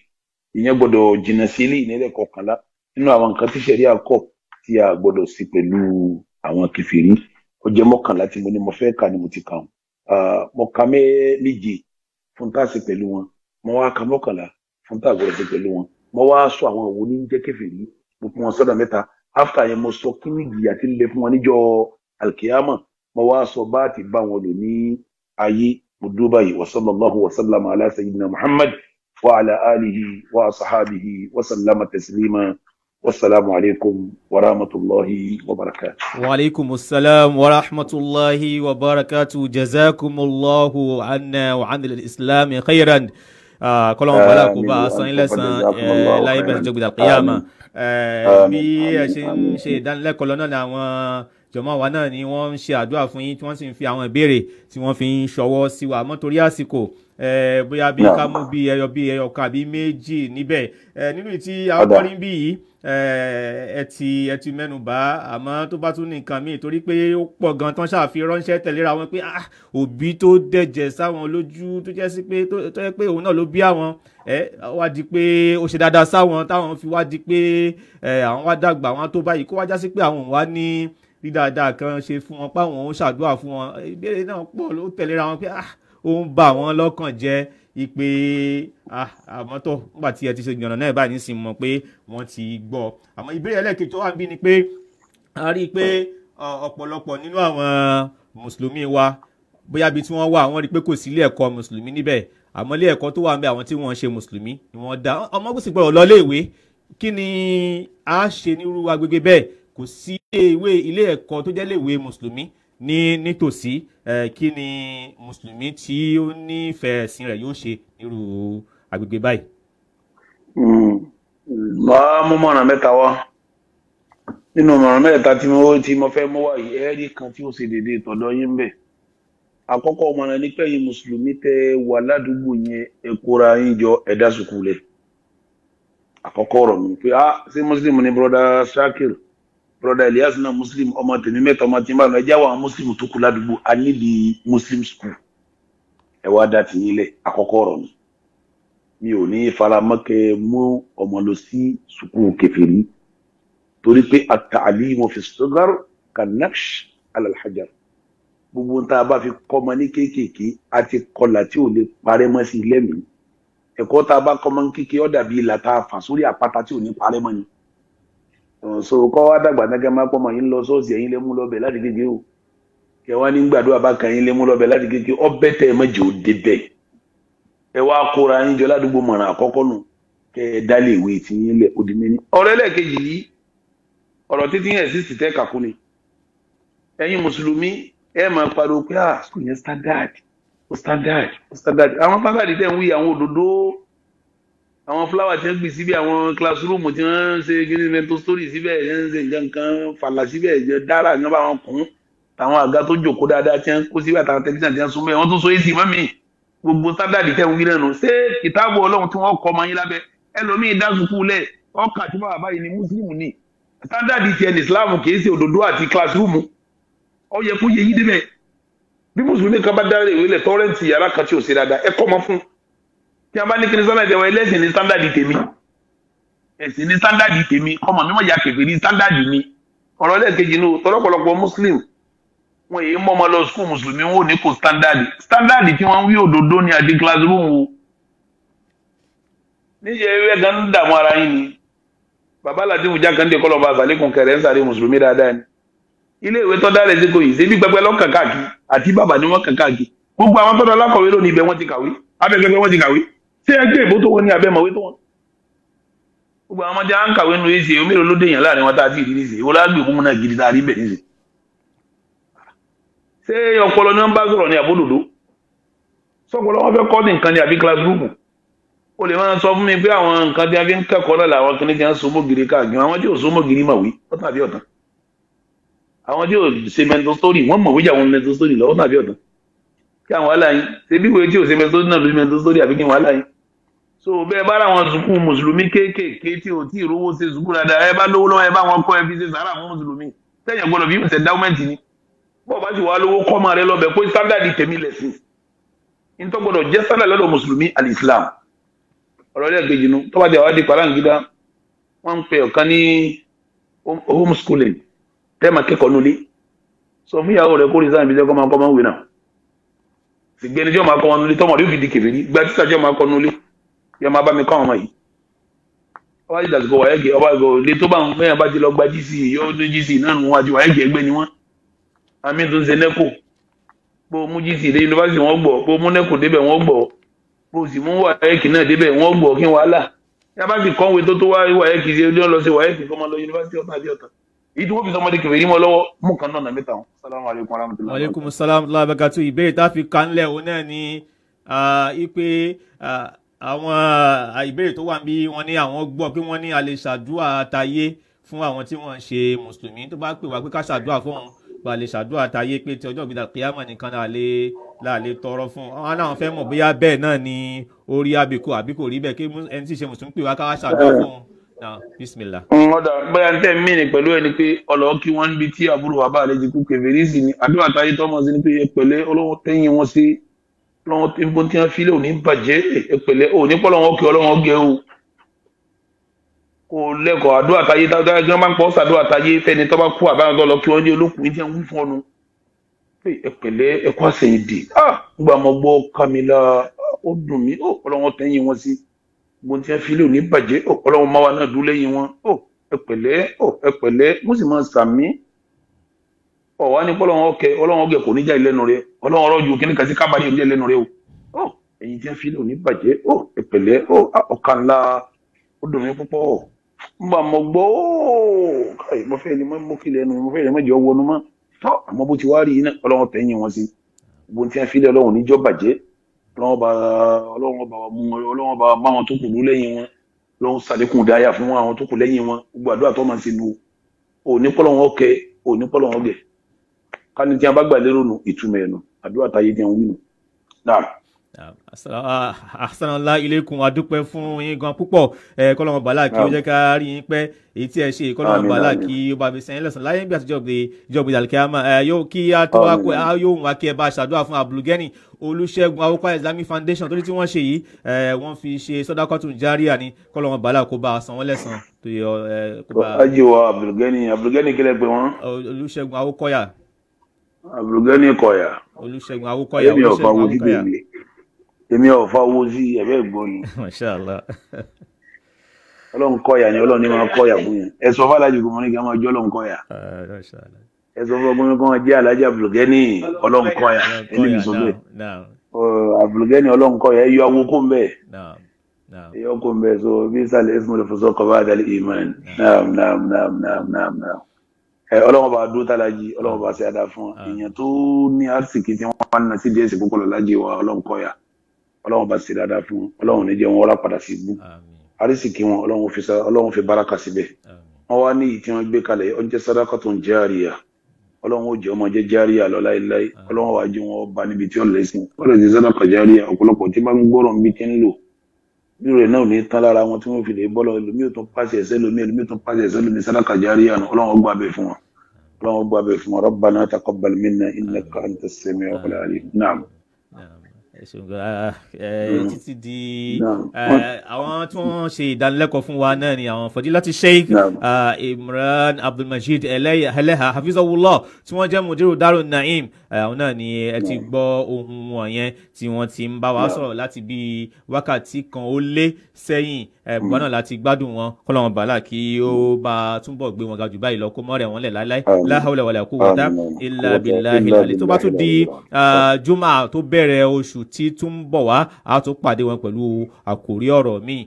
ìyẹn gbọdọ̀ jìnnà sí ilé ìnílẹ̀ kọkànlá nínú àwọn nǹkan tí sẹ̀rí àkọ́ tí a gbọdọ̀ sí pẹ̀lú àwọn kẹfìrí ó jẹ́ mọ́kànlá tí mo ní mo fẹ́ kà ni mo ti kà wọn mo ka méje fún tá a ṣe pẹ̀lú wọn mo wá ka mọ́kànlá fún tá a gbọ́dọ̀ ṣe wọn mo wá sọ àwọn òwò ní jẹ́ kẹfìrí mo fún wọn sọ́dọ̀ mẹ́ta after yẹn mo sọ kí ni ìjìyà ti lè fún wọn níjọ́ alkiyama mo wá sọ bá ti bá wọn lò ní ayé mo dúró báyìí wa sallallahu wa sallama ala sayyidina muhammad wa ala alihi wa sahabihi wa sallama taslima. والسلام عليكم ورحمة الله وبركاته وعليكم السلام ورحمة الله وبركاته جزاكم الله عنا وعن الإسلام خيرا kọlọ́wọ́n fọlá kó bá a san ilẹ̀ san láyé bẹ̀rẹ̀ jọ gbèdà kíyàmà bí ẹ ṣe ń ṣe ìdánilẹ́kọ̀ọ́ lọ́nà ni àwọn jọmọ wa náà ni wọ́n ń ṣe àdúrà fún yín tí wọ́n sì ń fi àwọn ìbéèrè tí wọ́n fi ń ṣọwọ́ sí wa mọ́ torí àsìkò Eh, bóyá bí ká mú bí ẹyọ bí ẹyọ kan àbí méjì níbẹ̀ eh, nínú ìtí àwọn kọrin bí yìí eh, ẹ ti ẹ ti mẹ́nubà àmọ́ tó bá tún ní nǹkan míì torí pé ó pọ̀ gan tán ṣàfi ránṣẹ́ tẹ̀léra wọn pé ah, òbí tó dẹ̀jẹ̀ sáwọn lójú tó jẹ́ sí pé tó yẹ pé òun náà ló bí àwọn ẹ wá di pé ó ṣe dáadáa sáwọn táwọn fi wá di pé àwọn wá dàgbà àwọn tó báyìí kó wá já sí pé àwọn wá ní rí dáadáa kan ṣe fún wọn páwọn ó ṣàdúrà fún wọn ìbéèrè náà pọ̀ ló tẹ̀léra wọn pé ah ó ń bà wọ́n lọ́kàn jẹ́ ipe ah, àmọ́ tó nígbà tí ẹ ti ṣe ìyànnà náà báyìí nísìn mọ̀ pé wọ́n ti gbọ́ àmọ́ ìbéèrè ẹlẹ́ẹ̀kejì tó wà bí ni pé a rí i pé ọ̀pọ̀lọpọ̀ nínú àwọn mùsùlùmí wa bóyá bí tí wọ́n wà wọ́n rí i pé kò sí ilé ẹ̀kọ́ mùsùlùmí níbẹ̀ àmọ́ ilé ẹ̀kọ́ tó wà ń bẹ àwọn tí wọ́n ṣe mùsùlùmí ni wọ́n dá ọmọ gbèsè gbọ́dọ̀ lọ léèwé kí ni a ṣe nírú agbègbè bẹ́ẹ̀ kò sí ilé ìwé ilé ẹ̀kọ́ tó jẹ́ léèwé mùsùlùmí ní nítòsí kí ni mùsùlùmí tí ó nífẹ̀ẹ́ ẹ̀sìn rẹ̀ yóò ṣe nírú agbègbè báyìí. máa hmm. mú mọ̀ràn mẹ́ta wá nínú mọ̀ràn mẹ́ta tí mo tí mo fẹ́ mú wá yìí ẹ́ẹ́rì kan tí ó ṣe déédéé tọ̀dọ̀ yín bẹ̀. àkọ́kọ́ mọ̀ràn ní pẹ́yìn mùsùlùmí tẹ́ wà ládùúgbò yẹn ẹ kóra yín jọ ẹ̀dá sùkúlẹ̀ àkọ́kọ́ ọ̀rọ̀ mi pé ah ṣé mùsùlùmí ni brother Shakir broda elias na muslim ọmọ tèmi mẹ́ta ọmọ tí n ẹjẹ àwọn muslim tó kù ládùúgbò a nídi muslim school ẹ wá dá tìyín lẹ àkọ́kọ́ ọ̀rọ̀ mi mi ò ní faramọkẹ mú ọmọ lọ sí sukuu kẹfìrí torí pé àtàlímù fi sọgọr kanash alalhajar gbogbo tá a bá fi kọ́mọ ní kéékèèké a ti kọlà tí ò lè parẹ́ sí lẹ́mìí ẹ̀kọ́ tá a bá kọ́mọ ní kéékèèké ó dàbí fà sórí àpáta tí ò ní parẹ́ ni. so kọ́ wá dàgbà dákẹ́ máa yín lọ sọ́ọ̀sì lé mú lọ́bẹ̀ láti o kẹ wá ní gbàdúrà bá kan yín lé mú lọ́bẹ̀ láti kéke ọbẹ̀ tẹ̀ mọ́ jẹ́ òde bẹ́ẹ̀ ẹ wá kóra yín jọ ládùúgbò mọ̀ràn àkọ́kọ́ nù kẹ ẹ dálé ìwé yín lẹ̀ mẹ́ni. ọ̀rọ̀ ẹlẹ́ẹ̀kejì yìí ọ̀rọ̀ títí yẹn sì tẹ́ ẹ̀yin pariwo pé ah àwọn fúláwà tí wọ́n gbìn síbẹ̀ àwọn classroom tí wọ́n ṣe gíní mento story síbẹ̀ ń ṣe nǹkan kan fàlà síbẹ̀ dára ní wọ́n bá wọn kún àwọn àga tó jòkó dáadáa tí wọ́n kó síbẹ̀ àtàwọn tẹlifíṣàn tí wọ́n sún bẹ́ẹ̀ wọ́n tún so èsì mọ́ mi gbogbo sádàdì tẹ̀ ń wí lẹ́nu ṣé kìtáàbù ọlọ́run tí wọ́n kọ́ ọmọ yín lábẹ́ ẹlòmíì dá sùkú lẹ̀ ọkà tí bàbá báyìí ni mùsùlùmù ni sádàdì tiẹ̀ ní islam kì í ṣe òdòdó àti classroom ó yẹ kó yẹ yí débẹ̀ bí mùsùlùmí kan bá dára ìwé lẹ̀ tọ́rẹ́ǹtì yàrá kan tí ò ṣe dáadáa ẹ kọ́ ọmọ fún un tí a bá ní kí ni sọ́nà ìjẹun ẹlẹ́sìn ní sándàdì tèmi ẹ̀sìn ní sándàdì tèmi ọmọ mi mọ̀ ya kẹfẹ́ ní sándàdì mi ọ̀rọ̀ ẹlẹ́ẹ̀kejì ní tọ́lọ́pọ̀lọpọ̀ muslim wọn èyí mọ́ ọmọ lọ skul mùsùlùmí wọn ò ní kò sándàdì sándàdì tí wọ́n ń wí òdodo ní àdí classroom wo níjẹ́ ewé gan ń dààmú ara yín ni bàbá Latifu Jákàndé kọlọ́ba àsàlẹ́kùn kẹrẹ́ ń sáré mùsùlùmí dáadáa ni ilé ìwé tọ́dá rẹ̀ sí kò yìí ṣebí pẹpẹ lọ́kàn káàkiri àti bàbá ni wọ́n kàn káàkiri gbogbo àwọn tọ́dọ̀ alákọ̀wé lónìí ibẹ̀ wọ́n ti kàwé abẹ́gbẹ́gbẹ́ wọ́n ti kàwé ṣé ẹgbẹ́ ìbò tó wọ́n ní abẹ́mọ̀wé tó wọ́n gbogbo àwọn ọmọdé àǹkàwé nu èsì omi ìrò lóde èèyàn láàrin wọn tá a ti rí nìsí ìwọ lágbè fún náà gidi tá a rí bẹ̀ nìsí ṣé ọpọlọ ni wọn bá sọ̀rọ̀ ní àbódòdó sọpọlọ wọn fẹ́ kọ́ ní nǹkan ní àbí class group o lè máa sọ fún mi pé àwọn nǹkan tí a fi ń kẹ́kọ̀ọ́ náà làwọn kìnìún ti ń so mọ́gìrì káàkiri àwọn tí ò so mọ́gìrì mọ̀wé ọ̀tún àbí ọ̀tún àwọn tí ò ṣe mẹ́tọ́ sórí wọ́n mọ̀wé jà wọn mẹ́tọ́ sórí lọ́wọ́ ọ̀tún àbí ọ̀tún kí àwọn wàhálà ṣe bí wo tí ò ṣe mẹ́tọ́ sórí náà ló ṣe mẹ́tọ́ sórí àbí kí wàhálà yín so bẹ́ẹ̀ bá àwọn sùkúù mùsùlùmí kéékèèké tí ò tí ì rówó ṣe sùkúù dáadáa ẹ bá lówó lọ́wọ́ ẹ bá wọn kọ́ ẹ fi ṣe sàárà fún mùsùlùmí sẹ́yìn gbọ́dọ̀ bí ìmùsẹ̀ dáwọ́mẹ́ntì ni bọ́ọ̀ bá sì wá lówó kọ́ máa rẹ lọ́bẹ̀ pé sándàdì tèmi lẹ̀ sí i nítorí gbọ́dọ̀ jẹ́ sándàdì lọ́dọ̀ mùsùlùmí alìsílám ọ̀rọ̀ ilé ẹgbẹ́ jìnnú tó bá di àwọn adé palangida wọ́n ń pe ọ̀kan ní homeschooling tẹ́ẹ̀mà kẹ́kọ̀ọ́ nulí sọ fún ìyàwó rẹ̀ kó rí yọ máa bá mi kọ́ àwọn ọmọ yìí ọba ti dàsìkò wàyẹ̀gẹ̀ ọba ìgò òde tó bá ń fẹ́yàn bá ti lọ gba gc yóò ní gc náà nù wájú wàyẹ̀gẹ̀ ẹgbẹ́ ni wọ́n àmì tó ń ṣe nẹ́kò bó mú gc dé yunifásitì wọ́n gbọ́ bó mú nẹ́kò débẹ̀ wọ́n gbọ́ bó sì mú wàyẹ̀kì náà débẹ̀ wọ́n gbọ́ kí wàhálà ní abá ti kọ́wé tó tó wá wàyẹ̀kì ṣe lé lọ sí wàyẹ̀kì kọ́ máa lọ yunifásitì ọ̀tá àbí ọ̀tá èyí tí wọ́n àwọn ìbéèrè tó wà ń bí wọ́n ní àwọn gbọ́ pé wọ́n ní a lè ṣàdúrà tayé fún àwọn tí wọ́n ń ṣe mùsùlùmí tó bá pè wá pé ká ṣàdúrà fún wọn bá lè ṣàdúrà tayé pé ti ọjọ́ ìgbìdà kìyàmọ̀ nìkan náà lè tọrọ fún wọn náà fẹ́ mọ̀ bóyá bẹ́ẹ̀ náà ni orí abiko àbí kò rí bẹ́ẹ̀ kí ẹni tí ṣe mùsùlùmí pè wá ká ṣàdúrà fún wọn bisimila. ọ̀dà bóyá tẹ́ mí ni pẹ̀lú ẹni pé ọlọ́wọ́ kí wọ́n ń bi tí àbúrò bàbá rẹ̀ ti kú kẹfẹ́rì sí ni àdúrà táyé tọ́mọ̀ sí ni pé pẹ̀lẹ́ ọlọ́wọ́ tẹ́yìn wọn sí lọ́wọ́ tí gbogbo tí wọ́n fi lé òní bàjẹ́ ẹ̀pẹ̀lẹ́ òní pọ́ lọ́wọ́ kí ọlọ́wọ́ gẹ o kò lẹ́kọ̀ọ́ àdúrà táyé táyé kí wọ́n bá ń pọ́ sàdúrà táyé fẹ́ni tó bá kú àbáyọ̀ tó lọ kí wọ́n ní olókùn ní tí wọ́n ń fún ọ́nu pé ẹ̀pẹ̀lẹ́ ẹ̀kọ́ àsẹ̀yìn dì ah gbogbo àmọ́ gbọ́ kamila ó dùn mí oh! ó ọlọ́wọ́ tẹ́yìn wọn sí gbogbo tí wọ́n fi lé òní bàjẹ́ oh! ọlọ́wọ́ máwa náà dúró lẹ́yìn wọn ó oh! ẹ̀pẹ̀lẹ́ ó ẹ̀pẹ̀lẹ́ mo sì máa sàmí ọ̀wá ní pọ́lọ́wọ́n ọ̀kẹ́ ọlọ́wọ́n ọ̀gẹ̀ kò ní já ilé nu rẹ ọlọ́wọ́n ọ̀rọ̀jù kí ní kàtí kábàárì ìdí ilé nu rẹ o ọ ẹ̀yin tí ń fi lò ní bàjẹ́ ọ ẹ̀pẹ̀lẹ́ ọ ọ̀kan ńlá ó dùn mí púpọ̀ ń bà mọ̀ gbọ́ ọ káyì mo fẹ́ ni mo kí lẹ́nu mo fẹ́ ni mo jẹ́ ọwọ́ nu mọ́ tọ́ àmọ́ bó ti wá rí iná ọlọ́wọ́n tẹ̀yìn wọn sí gbogbo tí ń fi lé ọlọ́wọ́n níjọ́ bàjẹ́ ọlọ́wọ́n bá bá wọn tó kù lú lẹ́yìn wọn lọ́wọ́n sàlékún dáyà fún àwọn tó kù lẹ́yìn wọn gbogbo àdúrà tó máa ń ṣe nu òní pọ́lọ́wọ́n ọ̀kẹ́ òní pọ́lọ́wọ́n ọ̀gẹ̀ ká ní tí a bá gbà lérò nù ìtumọ̀ ẹ̀ nù àdúrà táyé ni àwọn wí nù. asanala ah, ilekun adúpẹ́ fún yín gan púpọ̀ kọlọmọ bàálà kí ó jẹ́ ká rí yín pẹ́ èyí tí ẹ ṣe kọlọmọ bàálà kí ó bá mi sẹ́yìn lẹ́sàn láyé bí àtijọ́ gbé ìjọba ìdàlùkẹ yóò kí a tó wá kó yóò wá kí ẹ bá ṣàdúrà fún abulugẹni olùṣègùn awokọ islamic foundation torí tí wọ́n ṣe yìí wọ́n fi ṣe sọdákọtún járíà ni kọlọmọ bàálà kó bá a san wọn ajiwa abulugẹni abulugẹni kẹlẹ pé wọn. olùṣègùn awokọya Abdulgani Kọ̀yà. Olúṣẹ́gun Awókọ̀yà. Èmi ọ̀fà wo sí tèmi. Èmi ọ̀fà wo sí ẹ̀fẹ́ ìgbóni. Ọlọ́run kọ̀yà ni Ọlọ́run ní máa kọ̀yà fún yẹn. Ẹ sọ fálájì kò ma ní kí a máa jẹ́ Ọlọ́run kọ̀yà. Ẹ sọ fún ọgbọ́n kan jẹ́ Alhaji Abdulgani Ọlọ́run kọ̀yà. Ẹni mi sọ bẹ́ẹ̀. Abdulgani Ọlọ́run kọ̀yà ẹ awo kó ń bẹ́ẹ̀. Ẹ yọ kó ń bẹ́ẹ̀ so bí sàlẹ̀ Ismail Fosokọ̀ bá dàlí ìmọ̀ náà náà náà náà náà ọlọ́wọ́n bá dúró tálájì ọlọ́wọ́n bá ṣe àdá fún wa èèyàn tó ní àsìkí tí wọ́n máa ń sí díẹ̀ púpọ̀ lọ́lájì wa ọlọ́wọ́n kọ́ ya ọlọ́wọ́n bá ṣe dáadáa fún ọlọ́wọ́n ní jẹ́ wọn ọlá padà sí ibú àrísìkí wọn ọlọ́wọ́n fi ọlọ́wọ́n fi báraka síbẹ̀ wọ́n wá ní ìyí tí wọ́n gbé kalẹ̀ ọjọ́ sadaka tó ń járíyà ọlọ́wọ́n ó jẹ́ ọmọ jẹ́ járíyà lọ láéláé ọlọ́wọ́n wá jẹ́ wọn bá níbi tí ń bírò náà ní tán lára wọn tí wọn fi lè bọ́ lọ ẹlòmíì ò tún pàṣẹ ẹsẹ ẹlòmíì ẹlòmíì ò tún pàṣẹ ẹsẹ ẹlòmíì sadaka jariya ọlọ́run ọgbà bẹ fún wọn ọlọ́run ọgbà bẹ fún wọn rabbana taqabbal minna innaka anta as-sami'ul alim na'am. Ah, eh, hmm. títí di eh, àwọn tí wọ́n ṣe ìdánilẹ́kọ̀ọ́ fún wa náà ni àwọn fadilati sheikh ah, imran abdulmajid eleha hafizahullah tí wọ́n jẹ́ mudiru darun naim eh, àwọn náà ni ẹ ti gbọ́ ohun wọ̀nyẹn tí wọ́n ti ń bá wa sọ̀rọ̀ láti bí wákàtí kan ó lé sẹ́yìn ẹ̀gbọ́n hmm. náà láti gbádùn wọn kọ́lọ́wọ́n bàálà kí ó hmm. bá túnbọ̀ gbé wọn ga jù báyìí lọ kó mọ́rẹ̀ wọn lẹ̀ láíláí la hawla wala quwwata illa billahi tó bá tún di ah, jùmọ̀ tó bẹ̀rẹ̀ oṣù oṣù tí tún bọ̀ wá a tún pàdé wọn pẹ̀lú àkòrí ọ̀rọ̀ mi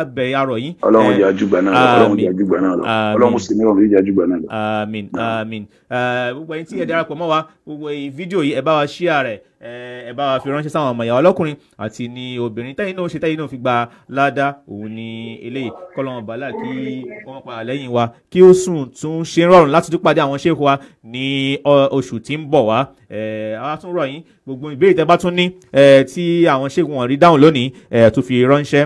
abẹ arọ yín. ọlọ́run jẹ́ àjùgbà náà lọ ọlọ́run jẹ́ àjùgbà náà lọ ọlọ́run sì ní ọ̀run jẹ́ àjùgbà náà lọ. àmín àmín gbogbo ẹni tí ẹ darapọ̀ mọ́ wa gbogbo fídíò yìí ẹ bá wa ṣíà rẹ̀ ẹ bá wa fi ránṣẹ́ sáwọn ọmọ ìyá ọlọ́kùnrin àti ní obìnrin tẹ́yìn náà ṣe tẹ́yìn náà fi gba ládá òun ni eléyìí kọ́lọ́n bàálà kí wọ́n padà lẹ́yìn wa kí ó sùn tún ṣe rọrùn láti tún pàdé àwọn ṣéèkù wa ní oṣù tí ń bọ̀ wá àwa tún rọ̀ yín gbogbo ìbéèrè tẹ́ bá tún ní tí àwọn ṣéèkù rí dáhùn lónìí tún fi ránṣẹ́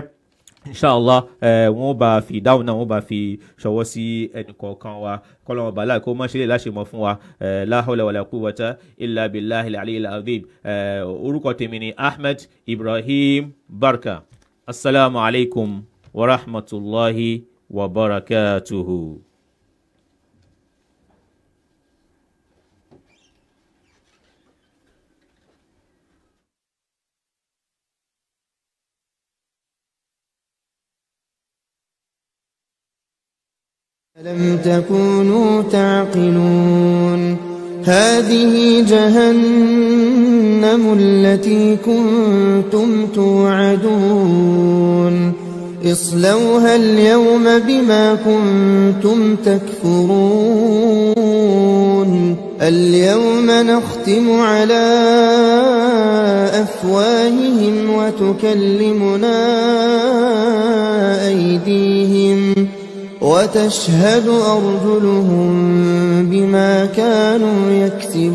inṣàlá ẹ eh, wọn bá fi ìdáhùn náà wọn bá fi ṣọwọ́ sí ẹnìkọ̀ọ̀kan wa kọlọ́wọ́n bàálà kó mọ́ sílẹ̀ láṣemọ̀ fún wa eh, láhùlẹ̀ wàlẹ̀ kú wọ́tá ilà bíláhìlì aliyu alvim eh, orúkọ tèmi ni ahmed ibrahim barka asalaamualeykum wa rahmatulahi wa barakatuhu. ألم تكونوا تعقلون هذه جهنم التي كنتم توعدون اصلوها اليوم بما كنتم تكفرون اليوم نختم على أفواههم وتكلمنا أيديهم وتشهد أرجلهم بما كانوا يكسبون